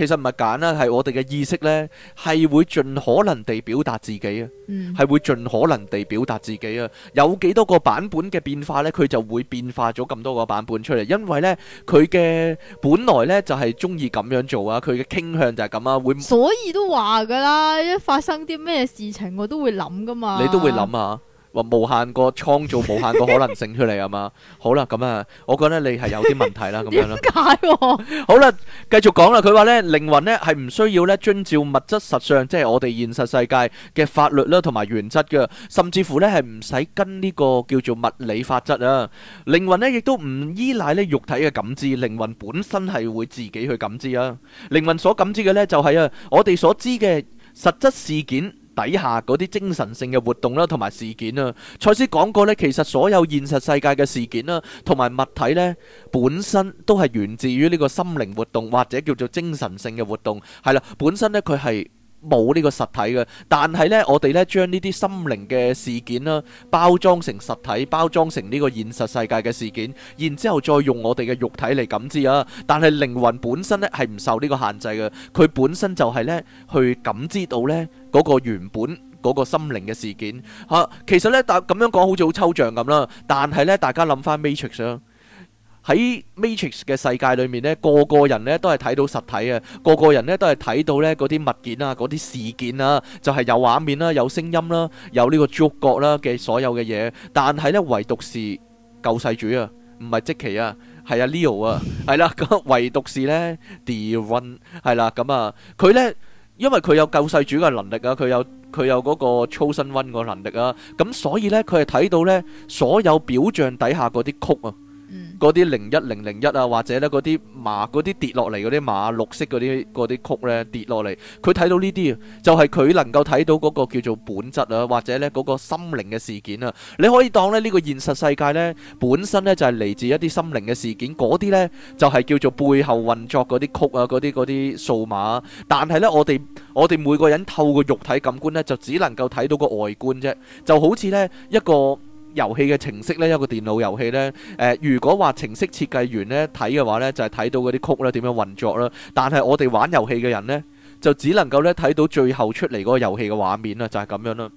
誒。其實唔係揀啦，係我哋嘅意識呢，係會盡可能地表達自己啊，係、嗯、會盡可能地表達自己啊。有幾多個版本嘅變化呢，佢就會變化咗咁多個版本出嚟。因為呢，佢嘅本來呢就係中意咁樣做啊，佢嘅傾向就係咁啊，會所以都話噶啦，一發生啲咩事情，我都會諗噶嘛。你都會諗啊。話無限個創造無限個可能性出嚟啊嘛，好啦，咁啊，我覺得你係有啲問題啦，咁樣咯。點解？好啦，繼續講啦。佢話咧，靈魂咧係唔需要咧遵照物質實相，即係我哋現實世界嘅法律啦，同埋原則噶，甚至乎咧係唔使跟呢個叫做物理法則啊。靈魂咧亦都唔依賴咧肉體嘅感知，靈魂本身係會自己去感知啊。靈魂所感知嘅咧就係啊，我哋所知嘅實質事件。底下嗰啲精神性嘅活動啦，同埋事件啊，賽斯講過咧，其實所有現實世界嘅事件啦，同埋物體咧，本身都係源自於呢個心靈活動或者叫做精神性嘅活動，係啦，本身咧佢係。冇呢個實體嘅，但係呢，我哋呢將呢啲心靈嘅事件啦，包裝成實體，包裝成呢個現實世界嘅事件，然之後再用我哋嘅肉體嚟感知啊。但係靈魂本身呢係唔受呢個限制嘅，佢本身就係呢去感知到呢嗰個原本嗰個心靈嘅事件嚇。其實呢，大咁樣講好似好抽象咁啦，但係呢，大家諗翻 Matrix 啊。Mat 喺 Matrix 嘅世界裏面咧，個個人咧都係睇到實體啊，個個人咧都係睇到咧嗰啲物件啊，嗰啲事件啊，就係有畫面啦，有聲音啦，有呢個觸覺啦嘅所有嘅嘢。但係咧，唯獨是救世主啊，唔係積奇啊，係阿 Leo 啊，係啦，咁唯獨是咧 The One 係啦，咁啊，佢咧因為佢有救世主嘅能力啊，佢有佢有嗰個 Chosen One 個能力啊，咁所以咧佢係睇到咧所有表象底下嗰啲曲啊。嗰啲零一零零一啊，或者呢嗰啲馬嗰啲跌落嚟嗰啲馬，綠色嗰啲啲曲咧跌落嚟，佢睇到呢啲，就係佢能夠睇到嗰個叫做本質啊，或者呢嗰個心靈嘅事件啊。你可以當呢呢個現實世界咧本身咧就係嚟自一啲心靈嘅事件，嗰啲咧就係叫做背後運作嗰啲曲啊，嗰啲嗰啲數碼。但係咧我哋我哋每個人透過肉體感官咧就只能夠睇到個外觀啫，就好似咧一個。遊戲嘅程式呢，一個電腦遊戲呢。誒、呃，如果話程式設計員呢睇嘅話呢，就係睇到嗰啲曲啦，點樣運作啦。但係我哋玩遊戲嘅人呢，就只能夠呢睇到最後出嚟嗰個遊戲嘅畫面啦，就係咁樣啦。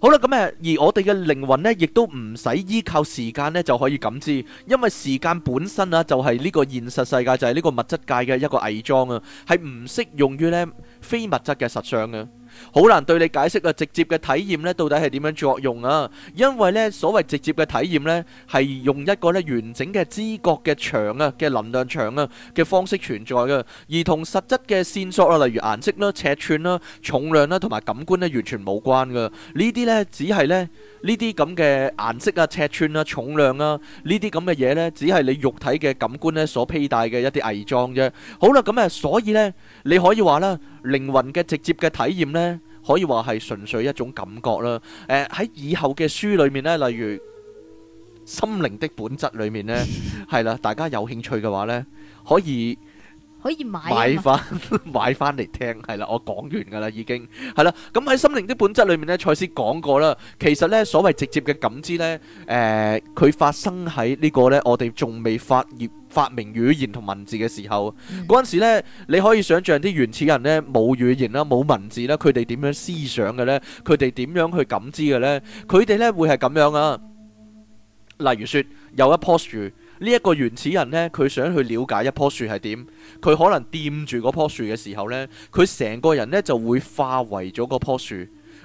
好啦，咁啊，而我哋嘅靈魂呢，亦都唔使依靠時間呢就可以感知，因為時間本身啊，就係呢個現實世界，就係呢個物質界嘅一個偽裝啊，係唔適用於呢非物質嘅實相嘅。好難對你解釋啊！直接嘅體驗咧，到底係點樣作用啊？因為呢，所謂直接嘅體驗呢，係用一個咧完整嘅知覺嘅場啊嘅能量場啊嘅方式存在噶，而同實質嘅線索啊，例如顏色啦、尺寸啦、重量啦，同埋感官呢，完全冇關噶。呢啲呢，只係呢，呢啲咁嘅顏色啊、尺寸啊、重量啊，呢啲咁嘅嘢呢，只係、啊、你肉體嘅感官呢所佩戴嘅一啲偽裝啫。好啦，咁啊，所以呢，你可以話啦。靈魂嘅直接嘅體驗呢，可以話係純粹一種感覺啦。誒、呃、喺以後嘅書裏面呢，例如《心靈的本質》裏面呢，係啦， 大家有興趣嘅話呢，可以可以買買翻回 買翻嚟聽，係啦，我講完噶啦，已經係啦。咁喺、嗯《心靈的本質》裏面呢，賽斯講過啦，其實呢，所謂直接嘅感知呢，誒、呃、佢發生喺呢個呢，我哋仲未發業發明語言同文字嘅時候，嗰陣時呢，你可以想像啲原始人呢，冇語言啦、冇文字啦，佢哋點樣思想嘅呢？佢哋點樣去感知嘅呢？佢哋呢會係咁樣啊！例如說，有一棵樹，呢、這、一個原始人呢，佢想去了解一棵樹係點，佢可能掂住嗰棵樹嘅時候呢，佢成個人呢就會化為咗嗰棵樹，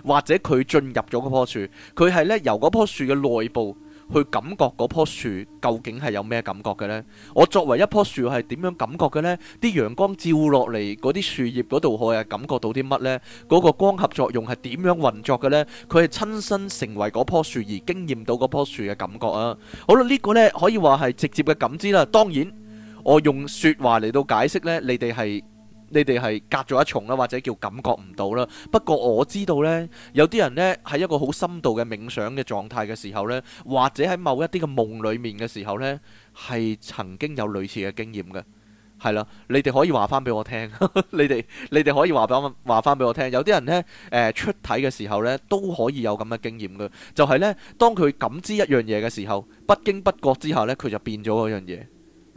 或者佢進入咗嗰棵樹，佢係呢由嗰棵樹嘅內部。去感覺嗰棵樹究竟係有咩感覺嘅呢？我作為一棵樹係點樣感覺嘅呢？啲陽光照落嚟嗰啲樹葉嗰度，我係感覺到啲乜呢？嗰個光合作用係點樣運作嘅呢？佢係親身成為嗰棵樹而經驗到嗰棵樹嘅感覺啊！好啦，呢個呢可以話係直接嘅感知啦。當然，我用説話嚟到解釋呢，你哋係。你哋係隔咗一重啦，或者叫感覺唔到啦。不過我知道呢，有啲人呢喺一個好深度嘅冥想嘅狀態嘅時候呢，或者喺某一啲嘅夢裡面嘅時候呢，係曾經有類似嘅經驗嘅。係啦，你哋可以話翻俾我聽。 你哋你哋可以話俾我話翻俾我聽。有啲人呢，誒、呃、出體嘅時候呢，都可以有咁嘅經驗嘅。就係、是、呢，當佢感知一樣嘢嘅時候，不經不覺之下呢，佢就變咗嗰樣嘢。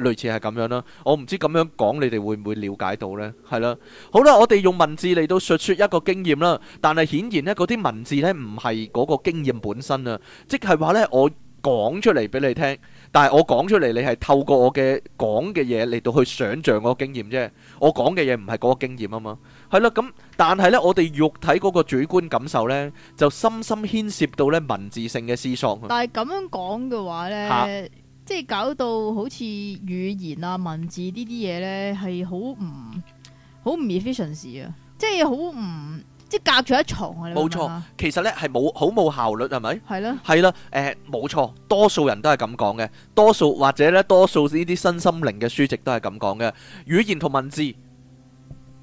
類似係咁樣啦，我唔知咁樣講你哋會唔會了解到咧？係啦，好啦，我哋用文字嚟到述說一個經驗啦，但係顯然咧嗰啲文字咧唔係嗰個經驗本身啊，即係話咧我講出嚟俾你聽，但係我講出嚟你係透過我嘅講嘅嘢嚟到去想像嗰個經驗啫，我講嘅嘢唔係嗰個經驗啊嘛，係啦，咁但係咧我哋肉體嗰個主觀感受咧，就深深牽涉到咧文字性嘅思索。但係咁樣講嘅話咧。即係搞到好似語言啊、文字呢啲嘢呢，係好唔好唔 efficient 啊！即係好唔即係隔住一床冇錯，其實呢，係冇好冇效率，係咪？係咯的，係啦，誒、呃，冇錯，多數人都係咁講嘅，多數或者呢多數呢啲身心靈嘅書籍都係咁講嘅。語言同文字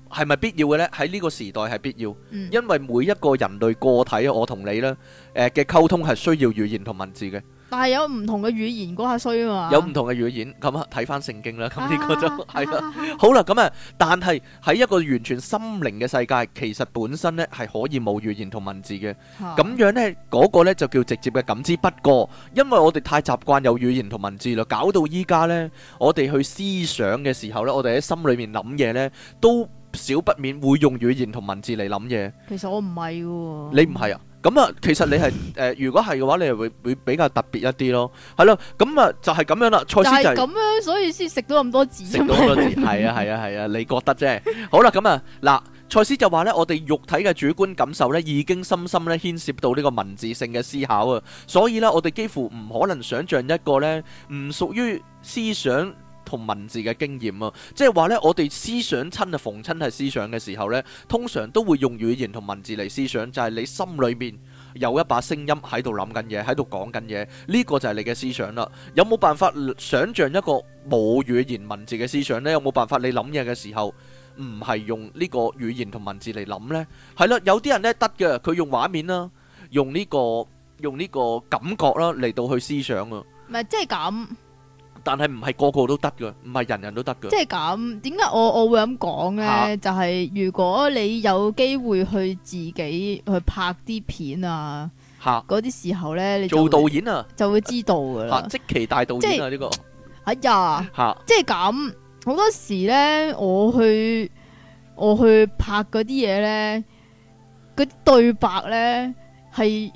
係咪必要嘅呢？喺呢個時代係必要，嗯、因為每一個人類個體，我同你呢誒嘅溝通係需要語言同文字嘅。但係有唔同嘅語言，嗰下衰啊嘛，有唔同嘅語言咁睇翻聖經啦，咁呢、啊、個就係啦。好啦，咁啊，啊啊 但係喺一個完全心靈嘅世界，其實本身呢係可以冇語言同文字嘅。咁、啊、樣呢，嗰、個呢就叫直接嘅感知。不過，因為我哋太習慣有語言同文字啦，搞到依家呢，我哋去思想嘅時候呢，我哋喺心裏面諗嘢呢，都少不免會用語言同文字嚟諗嘢。其實我唔係，你唔係啊？咁啊，嗯、其實你係誒、呃，如果係嘅話，你係會會比較特別一啲咯，係咯，咁、嗯、啊就係、是、咁樣啦。蔡司就咁、是、樣，所以先食到咁多，多字。食到咁多字，係啊係啊係啊，啊，啊，你覺得啫。好啦，咁啊嗱，蔡司就話咧，我哋肉體嘅主觀感受咧，已經深深咧牽涉到呢個文字性嘅思考啊，所以咧，我哋幾乎唔可能想像一個咧唔屬於思想。同文字嘅經驗啊，即係話呢，我哋思想親啊，逢親係思想嘅時候呢，通常都會用語言同文字嚟思想，就係你心裏面有一把聲音喺度諗緊嘢，喺度講緊嘢，呢個就係你嘅思想啦。有冇辦法想象一個冇語言文字嘅思想呢？有冇辦法你諗嘢嘅時候唔係用呢個語言同文字嚟諗呢？係啦，有啲人呢得嘅，佢用畫面啦，用呢個用呢個感覺啦嚟到去思想啊。唔係，即係咁。但係唔係個個都得㗎，唔係人人都得㗎。即係咁，點解我我會咁講咧？啊、就係如果你有機會去自己去拍啲片啊，嚇嗰啲時候咧，你做導演啊，就會知道㗎啦、啊。即期大導演啊，呢個哎呀，嚇、啊！即係咁，好多時咧，我去我去拍嗰啲嘢咧，嗰啲對白咧係。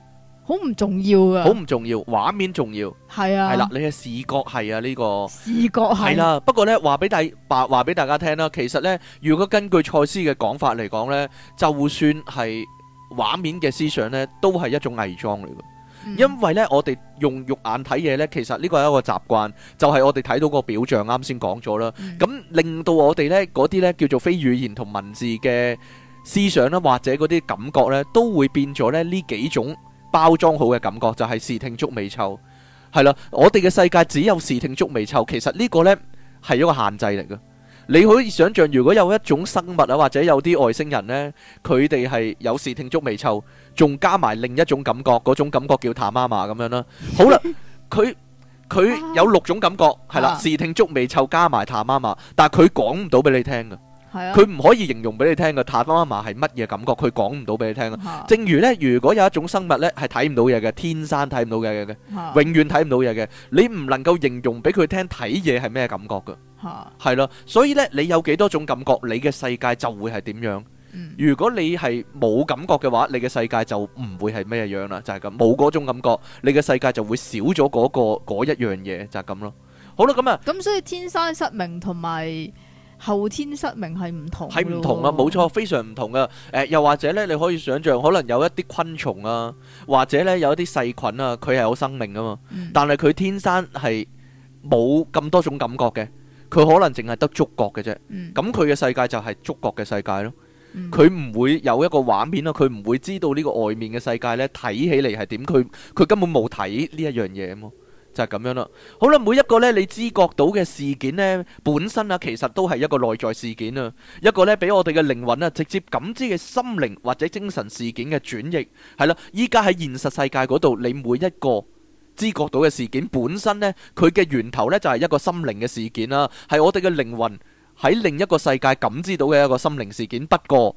好唔重要啊，好唔重要。畫面重要，係啊，係啦。你嘅視覺係啊，呢、這個視覺係啦、啊。不過呢，話俾大白話俾大家聽啦。其實呢，如果根據賽斯嘅講法嚟講呢，嗯、就算係畫面嘅思想呢，都係一種偽裝嚟嘅。因為呢，我哋用肉眼睇嘢呢，其實呢個係一個習慣，就係、是、我哋睇到個表象剛剛。啱先講咗啦，咁令到我哋呢，嗰啲呢叫做非語言同文字嘅思想啦，或者嗰啲感覺呢，都會變咗呢呢幾種。包裝好嘅感覺就係視聽觸味嗅，係啦，我哋嘅世界只有視聽觸味嗅，其實呢個咧係一個限制嚟嘅。你可以想象，如果有一種生物啊，或者有啲外星人咧，佢哋係有視聽觸味嗅，仲加埋另一種感覺，嗰種感覺叫探媽媽咁樣啦。好啦，佢佢有六種感覺，係啦，視聽觸味嗅加埋探媽媽，但係佢講唔到俾你聽嘅。佢唔可以形容俾你聽嘅，塔巴馬係乜嘢感覺？佢講唔到俾你聽。啊、正如呢，如果有一種生物呢，係睇唔到嘢嘅，天生睇唔到嘢嘅，啊、永遠睇唔到嘢嘅，你唔能夠形容俾佢聽睇嘢係咩感覺嘅。係咯、啊，所以呢，你有幾多種感覺，你嘅世界就會係點樣？嗯、如果你係冇感覺嘅話，你嘅世界就唔會係咩樣啦。就係、係、咁，冇嗰種感覺，你嘅世界就會少咗嗰、嗰個嗰一樣嘢，就係咁咯。好啦，咁啊，咁所以天生失明同埋。後天失明係唔同，係唔同啊，冇錯，非常唔同噶。誒、呃，又或者咧，你可以想象，可能有一啲昆蟲啊，或者咧有一啲細菌啊，佢係有生命噶嘛，嗯、但係佢天生係冇咁多種感覺嘅，佢可能淨係得觸覺嘅啫。咁佢嘅世界就係觸覺嘅世界咯，佢唔、嗯、會有一個畫面啊，佢唔會知道呢個外面嘅世界咧睇起嚟係點，佢佢根本冇睇呢一樣嘢嘛。就係咁樣啦。好啦，每一個呢，你知覺到嘅事件呢，本身啊，其實都係一個內在事件啊，一個呢，俾我哋嘅靈魂啊直接感知嘅心靈或者精神事件嘅轉譯。係啦，依家喺現實世界嗰度，你每一個知覺到嘅事件本身呢，佢嘅源頭呢，就係、是、一個心靈嘅事件啦、啊，係我哋嘅靈魂喺另一個世界感知到嘅一個心靈事件。不過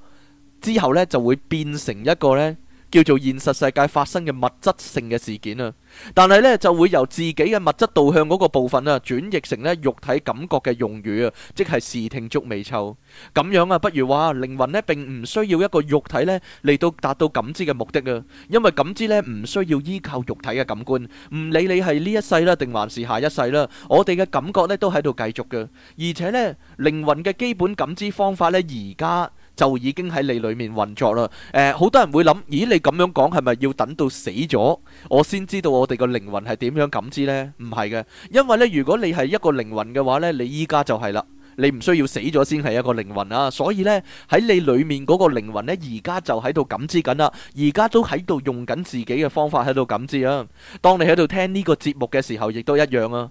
之後呢，就會變成一個呢。叫做現實世界發生嘅物質性嘅事件啊，但係咧就會由自己嘅物質導向嗰個部分啊，轉譯成咧肉體感覺嘅用語啊，即係視聽觸味嗅咁樣啊，不如話靈魂咧並唔需要一個肉體咧嚟到達到感知嘅目的啊，因為感知咧唔需要依靠肉體嘅感官，唔理你係呢一世啦定還是下一世啦，我哋嘅感覺咧都喺度繼續嘅，而且咧靈魂嘅基本感知方法咧而家。就已經喺你裏面運作啦。誒、呃，好多人會諗，咦？你咁樣講係咪要等到死咗，我先知道我哋個靈魂係點樣感知呢？唔係嘅，因為呢，如果你係一個靈魂嘅話呢，你依家就係啦，你唔需要死咗先係一個靈魂啊。所以呢，喺你裏面嗰個靈魂呢，而家就喺度感知緊啦，而家都喺度用緊自己嘅方法喺度感知啊。當你喺度聽呢個節目嘅時候，亦都一樣啊。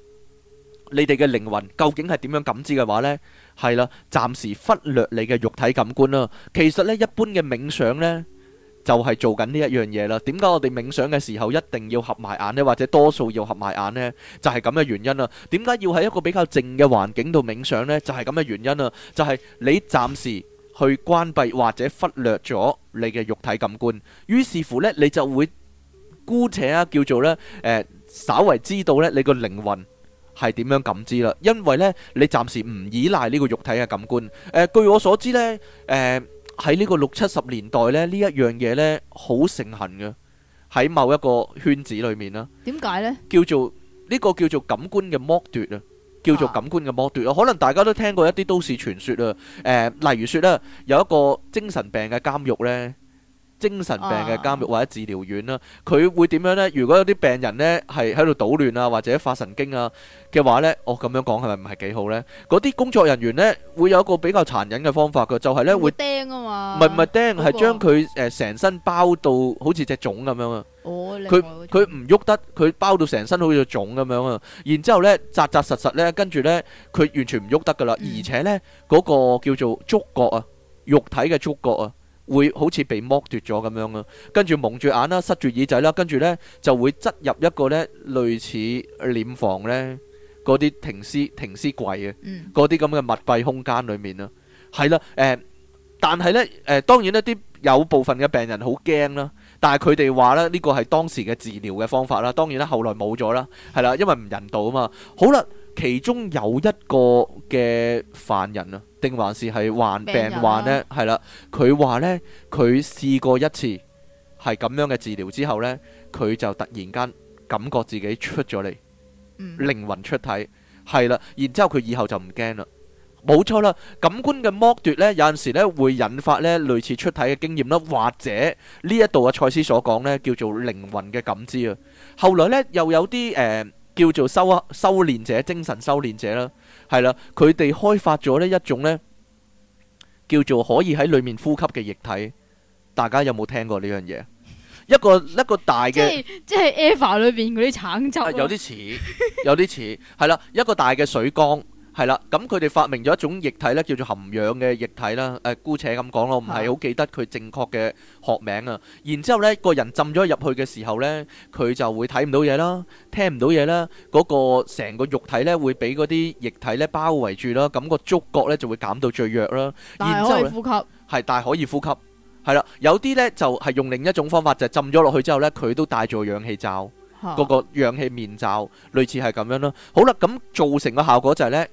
你哋嘅靈魂究竟係點樣感知嘅話呢？係啦，暫時忽略你嘅肉體感官啦。其實呢，一般嘅冥想呢，就係做緊呢一樣嘢啦。點解我哋冥想嘅時候一定要合埋眼呢，或者多數要合埋眼呢？就係咁嘅原因啦。點解要喺一個比較靜嘅環境度冥想呢？就係咁嘅原因啦。就係你暫時去關閉或者忽略咗你嘅肉體感官，於是乎呢，你就會姑且啊叫做呢，誒，稍為知道呢你個靈魂係點樣感知啦？因為呢，你暫時唔依賴呢個肉體嘅感官。誒，據我所知呢，誒喺呢個六七十年代呢，呢一樣嘢呢好盛行嘅，喺某一個圈子裏面啦。點解呢？叫做呢個叫做感官嘅剝奪啊！叫做感官嘅剝奪啊！可能大家都聽過一啲都市傳說啊。誒，例如說咧，有一個精神病嘅監獄呢。精神病嘅監獄或者治療院啦，佢會點樣呢？如果有啲病人呢，係喺度搗亂啊，或者發神經啊嘅話呢，我、哦、咁樣講係咪唔係幾好呢？嗰啲工作人員呢，會有一個比較殘忍嘅方法嘅，就係、是、呢，會釘啊嘛，唔係唔係釘，係、那個、將佢誒成身包到好似隻粽咁樣啊。佢佢唔喐得，佢包到成身好似隻粽咁樣啊。然之後呢，扎扎實實呢，跟住呢，佢完全唔喐得噶啦。而且呢，嗰、那個叫做觸覺啊，肉體嘅觸覺啊。會好似被剝奪咗咁樣咯，跟住蒙住眼啦，塞住耳仔啦，跟住呢，就會塞入一個呢類似殮房呢嗰啲停屍停屍櫃嘅，嗰啲咁嘅密閉空間裏面啦，係啦，誒、呃，但係呢，誒、呃，當然呢啲、呃、有部分嘅病人好驚啦，但係佢哋話呢，呢個係當時嘅治療嘅方法啦，當然啦，後來冇咗啦，係啦，因為唔人道啊嘛，好啦。其中有一個嘅犯人啊，定還是係患病患呢？係啦，佢話呢，佢試過一次係咁樣嘅治療之後呢，佢就突然間感覺自己出咗嚟，靈魂、嗯、出體係啦。然之後佢以後就唔驚啦，冇錯啦。感官嘅剝奪呢，有陣時呢會引發呢類似出體嘅經驗啦，或者斯呢一度啊，賽斯所講呢叫做靈魂嘅感知啊。後來呢，又有啲誒、呃叫做修，修，修煉者精神修煉者啦，係啦，佢哋開發咗呢一種咧，叫做可以喺裏面呼吸嘅液體。大家有冇聽過呢樣嘢？一個一個大嘅，即係即係 EVA 裏邊嗰啲橙汁，有啲似，有啲似，係啦，一個大嘅水缸。係啦，咁佢哋發明咗一種液體咧，叫做含氧嘅液體啦，誒姑且咁講咯，唔係好記得佢正確嘅學名啊。然之後咧，個人浸咗入去嘅時候咧，佢就會睇唔到嘢啦，聽唔到嘢啦，嗰個成個肉體咧會俾嗰啲液體咧包圍住啦，咁個觸覺咧就會減到最弱啦。然之後但係可以呼吸。係，但係可以呼吸。係啦，有啲咧就係用另一種方法，就係浸咗落去之後咧，佢都帶咗氧氣罩。個個氧氣面罩類似係咁樣咯，好啦，咁造成嘅效果就係、是、呢，誒、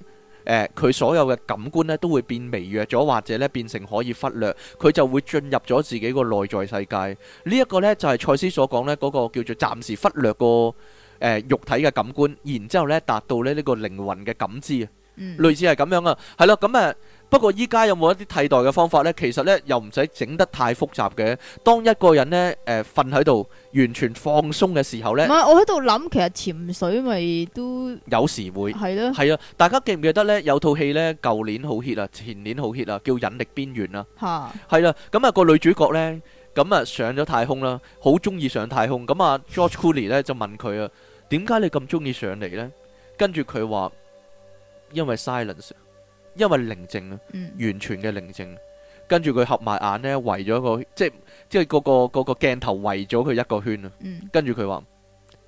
呃，佢所有嘅感官咧都會變微弱咗，或者咧變成可以忽略，佢就會進入咗自己個內在世界。呢、這、一個呢，就係賽斯所講呢嗰個叫做暫時忽略個誒、呃、肉體嘅感官，然之後呢達到咧呢個靈魂嘅感知，嗯，類似係咁樣啊，係啦，咁、嗯、誒。不過依家有冇一啲替代嘅方法咧？其實咧又唔使整得太複雜嘅。當一個人咧，誒瞓喺度完全放鬆嘅時候咧，唔係我喺度諗，其實潛水咪都有時會係咯，係啊！大家記唔記得咧？有套戲咧，舊年好 hit 啊，前年好 hit 啊，叫《引力邊緣》啦。吓係啦，咁啊個女主角咧，咁啊上咗太空啦，好中意上太空。咁啊，George Clooney 咧就問佢啊，點解你咁中意上嚟咧？跟住佢話因為 silence。因為寧靜啊，完全嘅寧靜，跟住佢合埋眼咧，圍咗個即係即係嗰個嗰個鏡頭圍咗佢一個圈啊，跟住佢話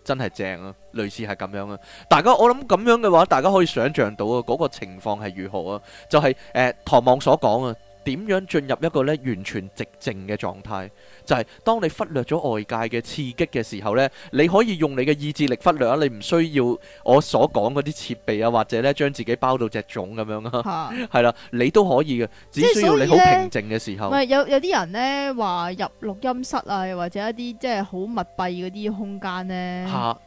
真係正啊，類似係咁樣啊，大家我諗咁樣嘅話，大家可以想像到啊嗰、這個情況係如何啊，就係誒唐望所講啊。點樣進入一個咧完全寂靜嘅狀態？就係、是、當你忽略咗外界嘅刺激嘅時候咧，你可以用你嘅意志力忽略啊。你唔需要我所講嗰啲設備啊，或者咧將自己包到隻粽咁樣啊，係啦，你都可以嘅，只需要你好平靜嘅時候。有有啲人咧話入錄音室啊，又或者一啲即係好密閉嗰啲空間咧，啊、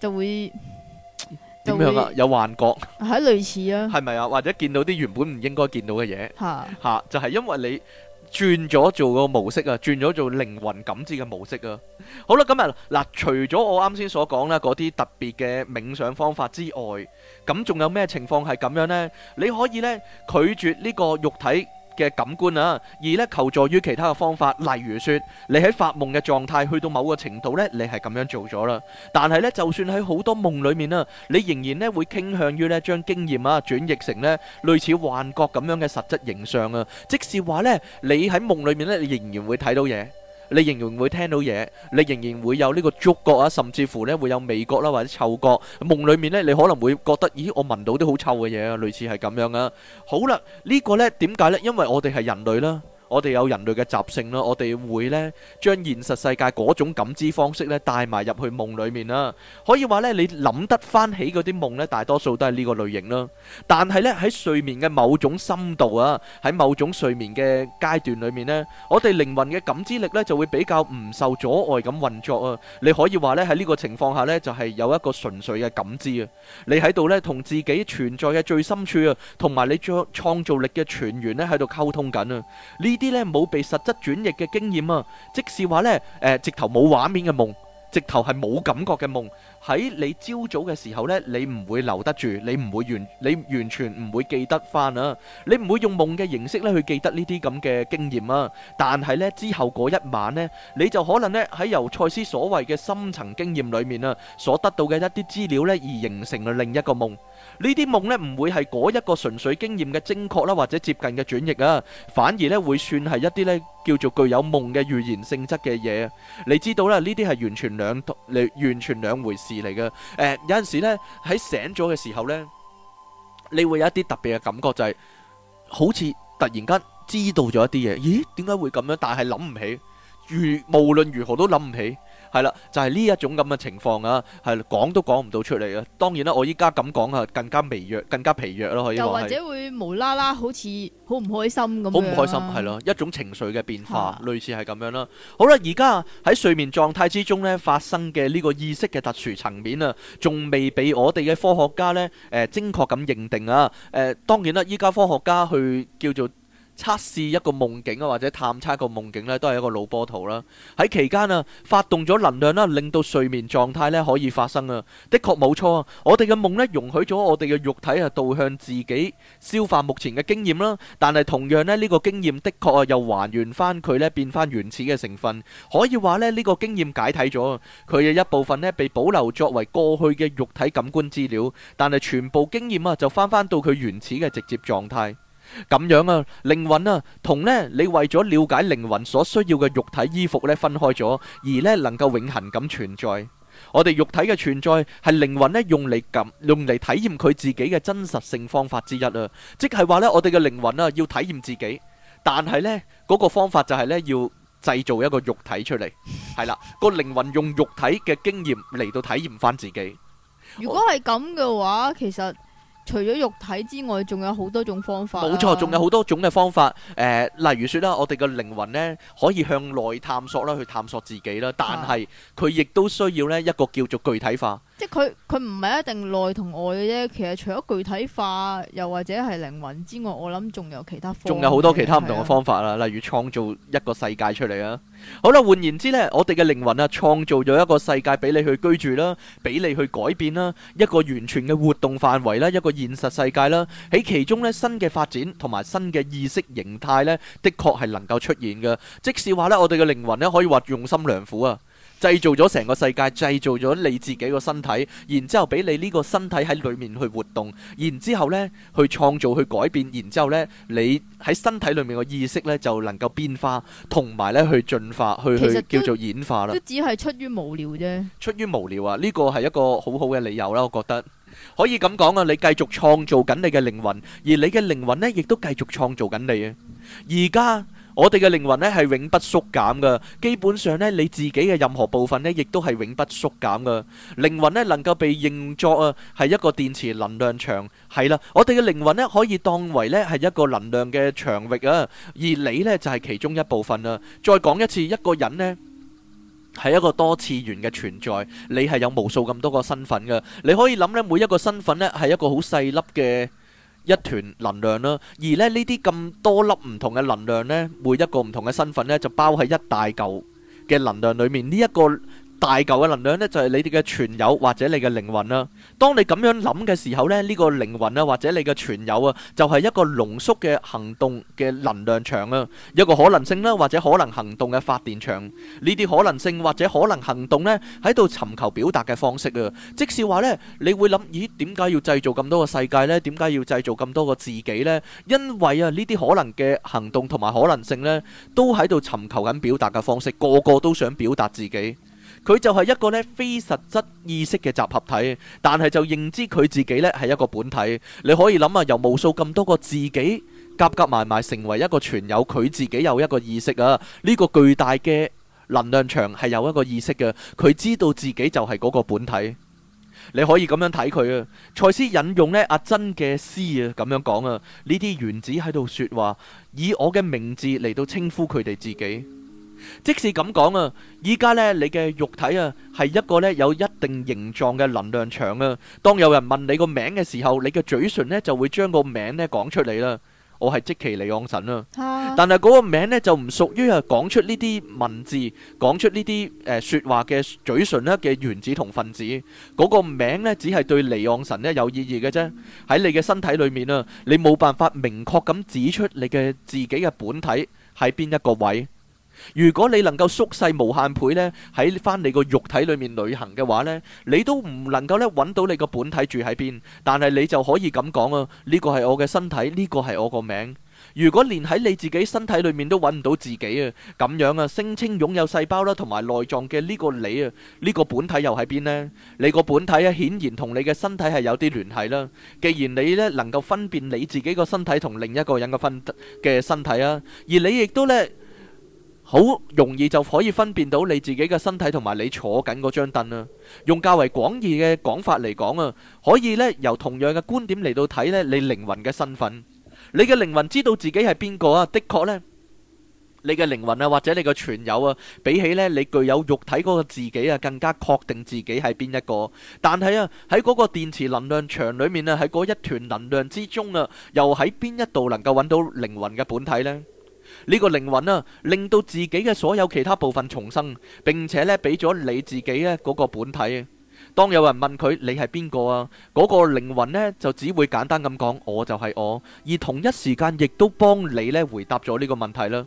就會。點樣啊？有幻覺，係類似啊。係咪 啊？或者見到啲原本唔應該見到嘅嘢，吓、啊啊、就係、是、因為你轉咗做個模式啊，轉咗做靈魂感知嘅模式啊。好啦、啊，咁啊嗱，除咗我啱先所講啦，嗰啲特別嘅冥想方法之外，咁仲有咩情況係咁樣呢？你可以呢拒絕呢個肉體嘅感官啊，而咧求助於其他嘅方法，例如說你喺發夢嘅狀態去到某個程度咧，你係咁樣做咗啦。但係咧，就算喺好多夢裏面啊，你仍然咧會傾向於咧將經驗啊轉譯成咧類似幻覺咁樣嘅實質形象啊，即是話咧你喺夢裏面咧仍然會睇到嘢。你仍然會聽到嘢，你仍然會有呢個觸覺啊，甚至乎呢會有味覺啦，或者嗅覺。夢裡面呢，你可能會覺得，咦，我聞到啲好臭嘅嘢啊，類似係咁樣啊。好啦，呢個呢，點解呢？因為我哋係人類啦。我哋有人類嘅習性啦，我哋會咧將現實世界嗰種感知方式咧帶埋入去夢裡面啦。可以話咧，你諗得翻起嗰啲夢咧，大多數都係呢個類型啦。但係咧，喺睡眠嘅某種深度啊，喺某種睡眠嘅階段裏面咧，我哋靈魂嘅感知力咧就會比較唔受阻礙咁運作啊。你可以話咧，喺呢個情況下咧，就係有一個純粹嘅感知啊。你喺度咧同自己存在嘅最深處啊，同埋你將創造力嘅泉源咧喺度溝通緊啊。呢啲咧冇被實質轉譯嘅經驗啊，即是話咧，誒直頭冇畫面嘅夢，直頭係冇感覺嘅夢。喺你朝早嘅時候咧，你唔會留得住，你唔會完，你完全唔會記得返啊！你唔會用夢嘅形式咧去記得呢啲咁嘅經驗啊！但係咧之後嗰一晚咧，你就可能咧喺由賽斯所謂嘅深層經驗裏面啊，所得到嘅一啲資料咧而形成另一個夢。呢啲夢咧唔會係嗰一個純粹經驗嘅精確啦或者接近嘅轉譯啊，反而咧會算係一啲咧叫做具有夢嘅預言性質嘅嘢啊！你知道啦，呢啲係完全兩嚟，完全兩回事。嚟嘅、嗯，有陣時呢，喺醒咗嘅時候呢，你會有一啲特別嘅感覺，就係好似突然間知道咗一啲嘢，咦？點解會咁樣？但係諗唔起，如無論如何都諗唔起。係啦，就係、是、呢一種咁嘅情況啊，係講都講唔到出嚟啊。當然啦，我依家咁講啊，更加微弱，更加疲弱咯。可以。又或者會無啦啦好似好唔開心咁，啊。好唔開心，係咯，一種情緒嘅變化，啊、類似係咁樣啦、啊。好啦，而家喺睡眠狀態之中咧，發生嘅呢個意識嘅特殊層面啊，仲未俾我哋嘅科學家咧，誒、呃，精確咁認定啊。誒、呃，當然啦，依家科學家去叫做。測試一個夢境啊，或者探測一個夢境咧，都係一個腦波圖啦。喺期間啊，發動咗能量啦，令到睡眠狀態咧可以發生啊。的確冇錯啊，我哋嘅夢咧容許咗我哋嘅肉體啊導向自己消化目前嘅經驗啦。但係同樣咧，呢個經驗的確又還原翻佢咧變翻原始嘅成分。可以話咧呢個經驗解體咗，佢嘅一部分咧被保留作為過去嘅肉體感官資料，但係全部經驗啊就翻翻到佢原始嘅直接狀態。咁樣啊，靈魂啊，同呢你為咗了解靈魂所需要嘅肉體衣服呢分開咗，而呢能夠永恒咁存在。我哋肉體嘅存在係靈魂呢用嚟感，用嚟體驗佢自己嘅真實性方法之一啊，即係話呢我哋嘅靈魂啊要體驗自己，但係呢嗰個方法就係呢要製造一個肉體出嚟，係啦，個靈魂用肉體嘅經驗嚟到體驗翻自己。如果係咁嘅話，其實。除咗肉體之外，仲有好多種方法啊。冇錯，仲有好多種嘅方法。誒、呃、例如說啦，我哋嘅靈魂咧，可以向內探索啦，去探索自己啦。但係佢亦都需要咧一個叫做具體化。即係佢佢唔係一定內同外嘅啫，其實除咗具體化，又或者係靈魂之外，我諗仲有其他方仲有好多其他唔同嘅方法啦，的例如創造一個世界出嚟啊。好啦，換言之呢，我哋嘅靈魂啊，創造咗一個世界俾你去居住啦，俾你去改變啦，一個完全嘅活動範圍啦，一個現實世界啦，喺其中呢，新嘅發展同埋新嘅意識形態呢，的確係能夠出現嘅。即使話呢，我哋嘅靈魂呢，可以話用心良苦啊。製造咗成個世界，製造咗你自己個身體，然之後俾你呢個身體喺裏面去活動，然之後呢去創造、去改變，然之後呢你喺身體裏面嘅意識呢就能夠變化，同埋呢去進化、去叫做演化啦。都只係出於無聊啫。出於無聊啊！呢個係一個好好嘅理由啦，我覺得可以咁講啊！你繼續創造緊你嘅靈魂，而你嘅靈魂呢亦都繼續創造緊你啊！而家。我哋嘅靈魂呢係永不縮減㗎，基本上呢你自己嘅任何部分呢，亦都係永不縮減㗎。靈魂呢能夠被認作啊係一個電磁能量場，係啦，我哋嘅靈魂呢可以當為呢係一個能量嘅場域啊，而你呢就係其中一部分啊。再講一次，一個人呢係一個多次元嘅存在，你係有無數咁多個身份㗎，你可以諗呢每一個身份呢係一個好細粒嘅。一團能量啦，而呢呢啲咁多粒唔同嘅能量呢，每一個唔同嘅身份呢，就包喺一大嚿嘅能量裏面呢一個大嚿嘅能量呢，就係、是、你哋嘅存有或者你嘅靈魂啦、啊。當你咁樣諗嘅時候呢，呢、這個靈魂啊，或者你嘅存有啊，就係、是、一個濃縮嘅行動嘅能量場啊。一個可能性啦、啊，或者可能行動嘅發電場，呢啲可能性或者可能行動呢，喺度尋求表達嘅方式啊。即是話呢，你會諗咦？點解要製造咁多個世界呢？點解要製造咁多個自己呢？因為啊，呢啲可能嘅行動同埋可能性呢，都喺度尋求緊表達嘅方式，個個都想表達自己。佢就係一個咧非實質意識嘅集合體，但係就認知佢自己咧係一個本體。你可以諗下，由無數咁多個自己夾夾埋埋成為一個存有，佢自己有一個意識啊。呢、這個巨大嘅能量場係有一個意識嘅，佢知道自己就係嗰個本體。你可以咁樣睇佢啊。賽斯引用呢阿珍嘅詩啊，咁樣講啊，呢啲原子喺度說話，以我嘅名字嚟到稱呼佢哋自己。即使咁講啊，依家咧，你嘅肉體啊係一個咧有一定形狀嘅能量場啊。當有人問你個名嘅時候，你嘅嘴唇咧就會將個名咧講出嚟啦。我係即奇尼昂神啦，但係嗰個名咧就唔屬於啊講出呢啲文字，講出呢啲誒說話嘅嘴唇啦嘅原子同分子。嗰個名咧只係對尼昂神咧有意義嘅啫。喺你嘅身體裏面啊，你冇辦法明確咁指出你嘅自己嘅本體喺邊一個位。如果你能夠縮細無限倍呢，喺翻你個肉體裏面旅行嘅話呢，你都唔能夠揾到你個本體住喺邊。但係你就可以咁講啊，呢個係我嘅身體，呢個係我個名。如果連喺你自己身體裏面都揾唔到自己啊，咁樣啊，聲稱擁有細胞啦，同埋內臟嘅呢個你啊，呢個本體又喺邊呢？你個本體啊，顯然同你嘅身體係有啲聯繫啦。既然你呢，能夠分辨你自己個身體同另一個人嘅分嘅身體啊，而你亦都呢。好容易就可以分辨到你自己嘅身體同埋你坐緊嗰張凳啊。用較為廣義嘅講法嚟講啊，可以呢由同樣嘅觀點嚟到睇呢你靈魂嘅身份。你嘅靈魂知道自己係邊個啊？的確呢，你嘅靈魂啊或者你嘅存有啊，比起呢你具有肉體嗰個自己啊，更加確定自己係邊一個。但係啊，喺嗰個電磁能量場裏面啊，喺嗰一團能量之中啊，又喺邊一度能夠揾到靈魂嘅本體呢？呢個靈魂啊，令到自己嘅所有其他部分重生，並且咧俾咗你自己咧嗰個本體。當有人問佢你係邊個啊，嗰個靈魂呢，就只會簡單咁講我就係我，而同一時間亦都幫你呢回答咗呢個問題啦。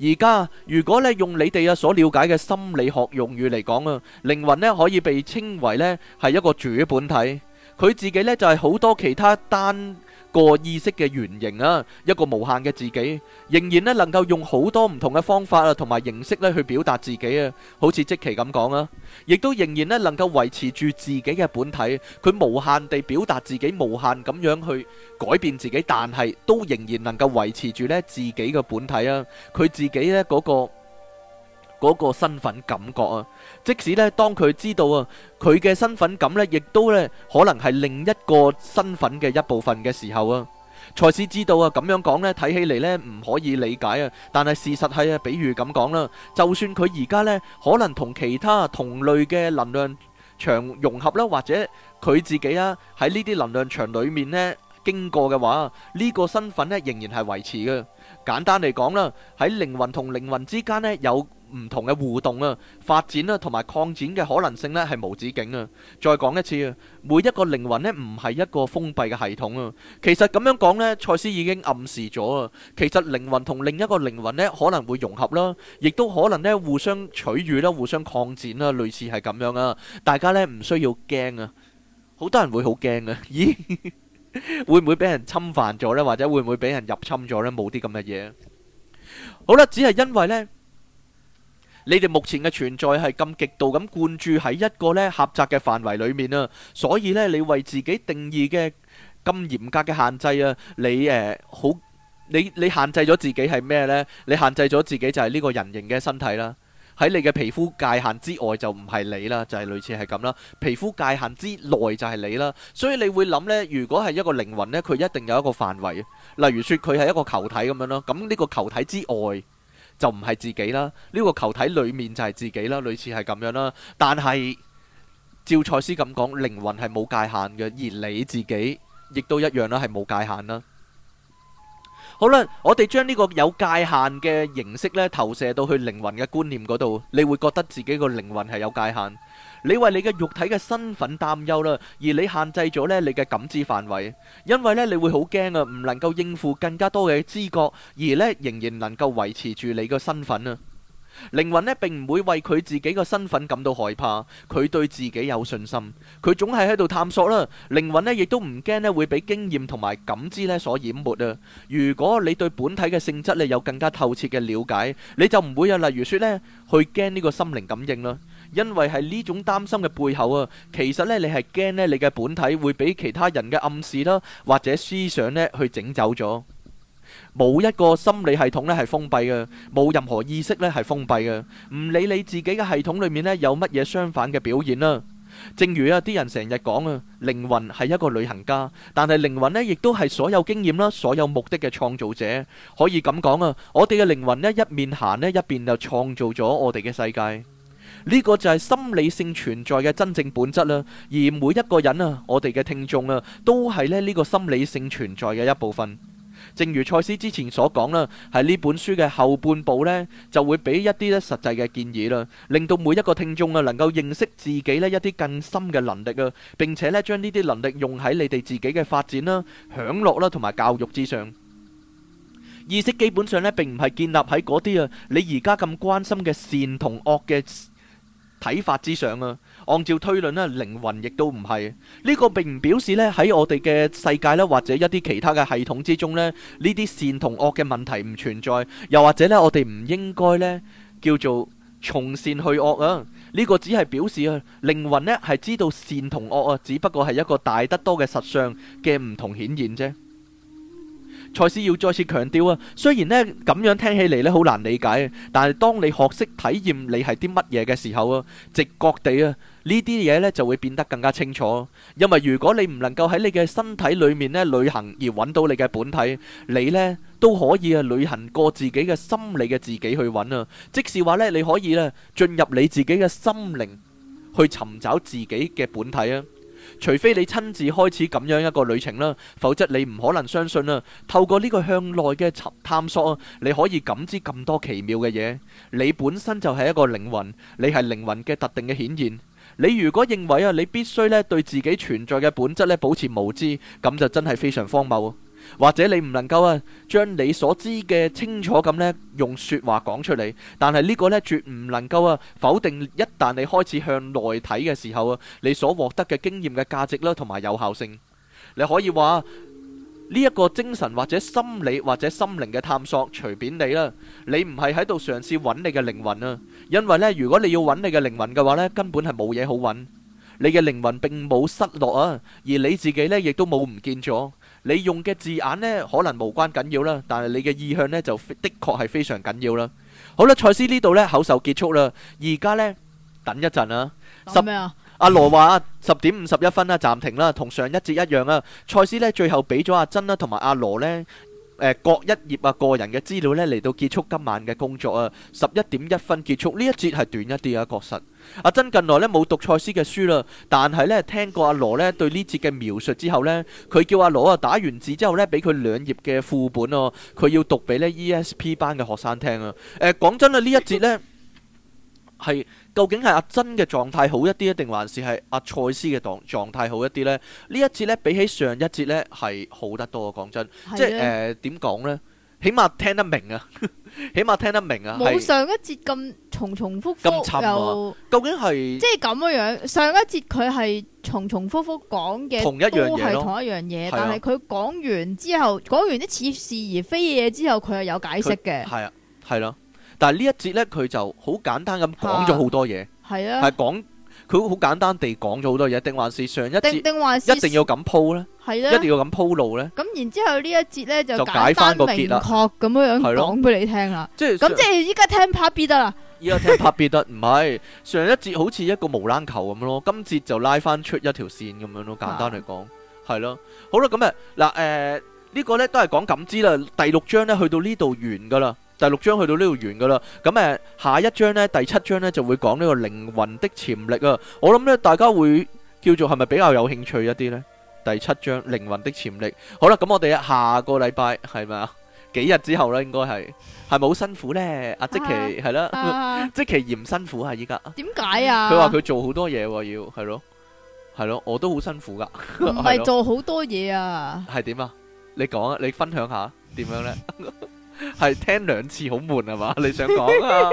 而家如果呢用你哋啊所了解嘅心理學用語嚟講啊，靈魂呢可以被稱為呢係一個主本體，佢自己呢就係好多其他單，個意識嘅原型啊，一個無限嘅自己，仍然咧能夠用好多唔同嘅方法啊，同埋形式咧去表達自己啊，好似積奇咁講啊，亦都仍然咧能夠維持住自己嘅本體，佢無限地表達自己，無限咁樣去改變自己，但係都仍然能夠維持住咧自己嘅本體啊，佢自己咧嗰個嗰個身份感覺啊。即使咧，當佢知道啊，佢嘅身份感咧，亦都咧可能係另一個身份嘅一部分嘅時候啊，賽斯知道啊，咁樣講咧，睇起嚟咧唔可以理解啊。但係事實係啊，比喻咁講啦，就算佢而家咧可能同其他同類嘅能量場融合啦，或者佢自己啊喺呢啲能量場裡面咧經過嘅話，呢個身份咧仍然係維持嘅。簡單嚟講啦，喺靈魂同靈魂之間咧有。唔同嘅互動啊，發展啦，同埋擴展嘅可能性呢，係無止境啊！再講一次啊，每一個靈魂呢，唔係一個封閉嘅系統啊。其實咁樣講呢，賽斯已經暗示咗啊。其實靈魂同另一個靈魂呢，可能會融合啦，亦都可能呢，互相取悅啦，互相擴展啦，類似係咁樣啊。大家呢，唔需要驚啊，好多人會好驚啊。咦， 會唔會俾人侵犯咗呢？或者會唔會俾人入侵咗呢？冇啲咁嘅嘢。好啦，只係因為呢。你哋目前嘅存在係咁極度咁灌注喺一個呢狹窄嘅範圍裏面啊，所以呢，你為自己定義嘅咁嚴格嘅限制啊，你誒好你你限制咗自己係咩呢？你限制咗自己就係呢個人形嘅身體啦。喺你嘅皮膚界限之外就唔係你啦，就係類似係咁啦。皮膚界限之內就係你啦，所以你會諗呢，如果係一個靈魂呢，佢一定有一個範圍，例如説佢係一個球體咁樣咯。咁呢個球體之外，就唔係自己啦，呢、這個球體裏面就係自己啦，類似係咁樣啦。但係照賽斯咁講，靈魂係冇界限嘅，而你自己亦都一樣啦，係冇界限啦。好啦，我哋將呢個有界限嘅形式呢投射到去靈魂嘅觀念嗰度，你會覺得自己個靈魂係有界限。你為你嘅肉體嘅身份擔憂啦，而你限制咗咧，你嘅感知範圍，因為咧你會好驚啊，唔能夠應付更加多嘅知覺，而咧仍然能夠維持住你嘅身份啊。靈魂咧並唔會為佢自己嘅身份感到害怕，佢對自己有信心，佢總係喺度探索啦。靈魂咧亦都唔驚咧會俾經驗同埋感知咧所淹沒啊。如果你對本體嘅性質咧有更加透徹嘅了解，你就唔會有例如說咧去驚呢個心靈感應啦。因為係呢種擔心嘅背後啊，其實呢你係驚呢你嘅本體會俾其他人嘅暗示啦，或者思想呢去整走咗。冇一個心理系統呢係封閉嘅，冇任何意識呢係封閉嘅。唔理你自己嘅系統裏面呢有乜嘢相反嘅表現啦。正如啊啲人成日講啊，靈魂係一個旅行家，但係靈魂呢亦都係所有經驗啦、所有目的嘅創造者。可以咁講啊，我哋嘅靈魂呢一面行呢一邊就創造咗我哋嘅世界。呢個就係心理性存在嘅真正本質啦，而每一個人啊，我哋嘅聽眾啊，都係呢呢個心理性存在嘅一部分。正如賽斯之前所講啦，喺呢本書嘅後半部呢，就會俾一啲咧實際嘅建議啦，令到每一個聽眾啊，能夠認識自己呢一啲更深嘅能力啊，並且呢將呢啲能力用喺你哋自己嘅發展啦、享樂啦同埋教育之上。意識基本上呢並唔係建立喺嗰啲啊，你而家咁關心嘅善同惡嘅睇法之上啊，按照推論咧，靈魂亦都唔係。呢個並唔表示呢，喺我哋嘅世界咧，或者一啲其他嘅系統之中呢，呢啲善同惡嘅問題唔存在，又或者呢，我哋唔應該呢，叫做從善去惡啊。呢個只係表示啊，靈魂呢係知道善同惡啊，只不過係一個大得多嘅實相嘅唔同顯現啫。賽斯要再次強調啊，雖然呢咁樣聽起嚟呢好難理解，但係當你學識體驗你係啲乜嘢嘅時候啊，直覺地啊，呢啲嘢呢就會變得更加清楚。因為如果你唔能夠喺你嘅身體裏面呢旅行而揾到你嘅本體，你呢都可以啊旅行過自己嘅心理嘅自己去揾啊，即是話呢你可以呢進入你自己嘅心靈去尋找自己嘅本體啊。除非你親自開始咁樣一個旅程啦，否則你唔可能相信啦。透過呢個向內嘅探索，你可以感知咁多奇妙嘅嘢。你本身就係一個靈魂，你係靈魂嘅特定嘅顯現。你如果認為啊，你必須咧對自己存在嘅本質咧保持無知，咁就真係非常荒謬。或者你唔能夠啊，將你所知嘅清楚咁咧，用說話講出嚟，但係呢個咧，絕唔能夠啊否定。一旦你開始向內睇嘅時候啊，你所獲得嘅經驗嘅價值啦，同埋有效性，你可以話呢一個精神或者心理或者心靈嘅探索，隨便你啦。你唔係喺度嘗試揾你嘅靈魂啊，因為咧，如果你要揾你嘅靈魂嘅話咧，根本係冇嘢好揾。你嘅靈魂並冇失落啊，而你自己呢亦都冇唔見咗。你用嘅字眼呢，可能無關緊要啦，但係你嘅意向呢，就的確係非常緊要啦。好啦，賽斯呢度呢，口授結束啦，而家呢，等一陣啊。阿、啊、羅話十點五十一分啦、啊，暫停啦，同上一節一樣啊。賽斯呢，最後俾咗阿珍啦、啊，同埋阿羅呢。呃、各一頁啊，個人嘅資料咧，嚟到結束今晚嘅工作啊，十一點一分結束，呢一節係短一啲啊，確實。阿、啊、珍近來咧，冇讀賽斯嘅書啦、啊，但係呢，聽過阿、啊、羅呢對呢節嘅描述之後呢，佢叫阿、啊、羅啊打完字之後呢，俾佢兩頁嘅副本哦、啊，佢要讀俾呢 E S P 班嘅學生聽啊。誒、呃，講真啊，呢一節呢。 係究竟係阿珍嘅狀態好一啲，定還是係阿賽斯嘅狀狀態好一啲咧？一節呢一節咧比起上一節咧係好得多，講真，是的 即係誒點講咧？起碼聽得明啊，呵呵起碼聽得明啊，冇上一節咁重重複複又究竟係即係咁嘅樣。上一節佢係重重複複講嘅都係同一樣嘢，樣的啊、但係佢講完之後，講完啲似是而非嘅嘢之後，佢係有解釋嘅，係啊，係咯。但係呢一節咧，佢就好簡單咁講咗好多嘢，係啊，係講佢好簡單地講咗好多嘢，定、啊啊、還是上一節，定還是一定要咁鋪咧，係啊，一定要咁鋪路咧。咁、啊、然之後一節呢一節咧就解就簡單明確咁樣樣講俾你聽啦，即係咁即係依家聽 part B 得啦，依家聽 part B 得，唔係 上一節好似一個無籃球咁咯，今節就拉翻出一條線咁樣咯，簡單嚟講，係咯、啊，好啦，咁啊嗱誒呢個咧都係講感知啦，第六章咧去到呢度完噶啦。第六章去到呢度完噶啦，咁誒，下一章呢，第七章呢，就會講呢個靈魂的潛力啊。我諗咧，大家會叫做係咪比較有興趣一啲呢？第七章靈魂的潛力。好啦，咁我哋下個禮拜係咪啊？幾日之後呢？應該係。係咪好辛苦呢？阿即奇，係啦，即奇嫌辛苦啊，依家。點解啊？佢話佢做好多嘢，要係咯，係咯，我都好辛苦噶，係做好多嘢啊。係點啊？你講啊，你分享下點樣呢？ 係聽兩次好悶係嘛？你想講啊？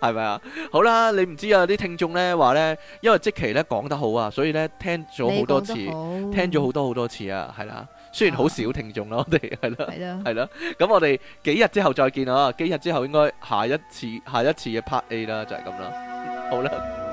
係咪啊？好啦，你唔知啊？啲聽眾呢話呢，因為即期呢講得好啊，所以呢聽咗好多次，聽咗好多好多次啊，係啦。雖然好少聽眾咯，啊，我哋係咯，係咯 啦。咁啦我哋幾日之後再見啊！幾日之後應該下一次下一次嘅 part A 啦，就係咁啦。好啦。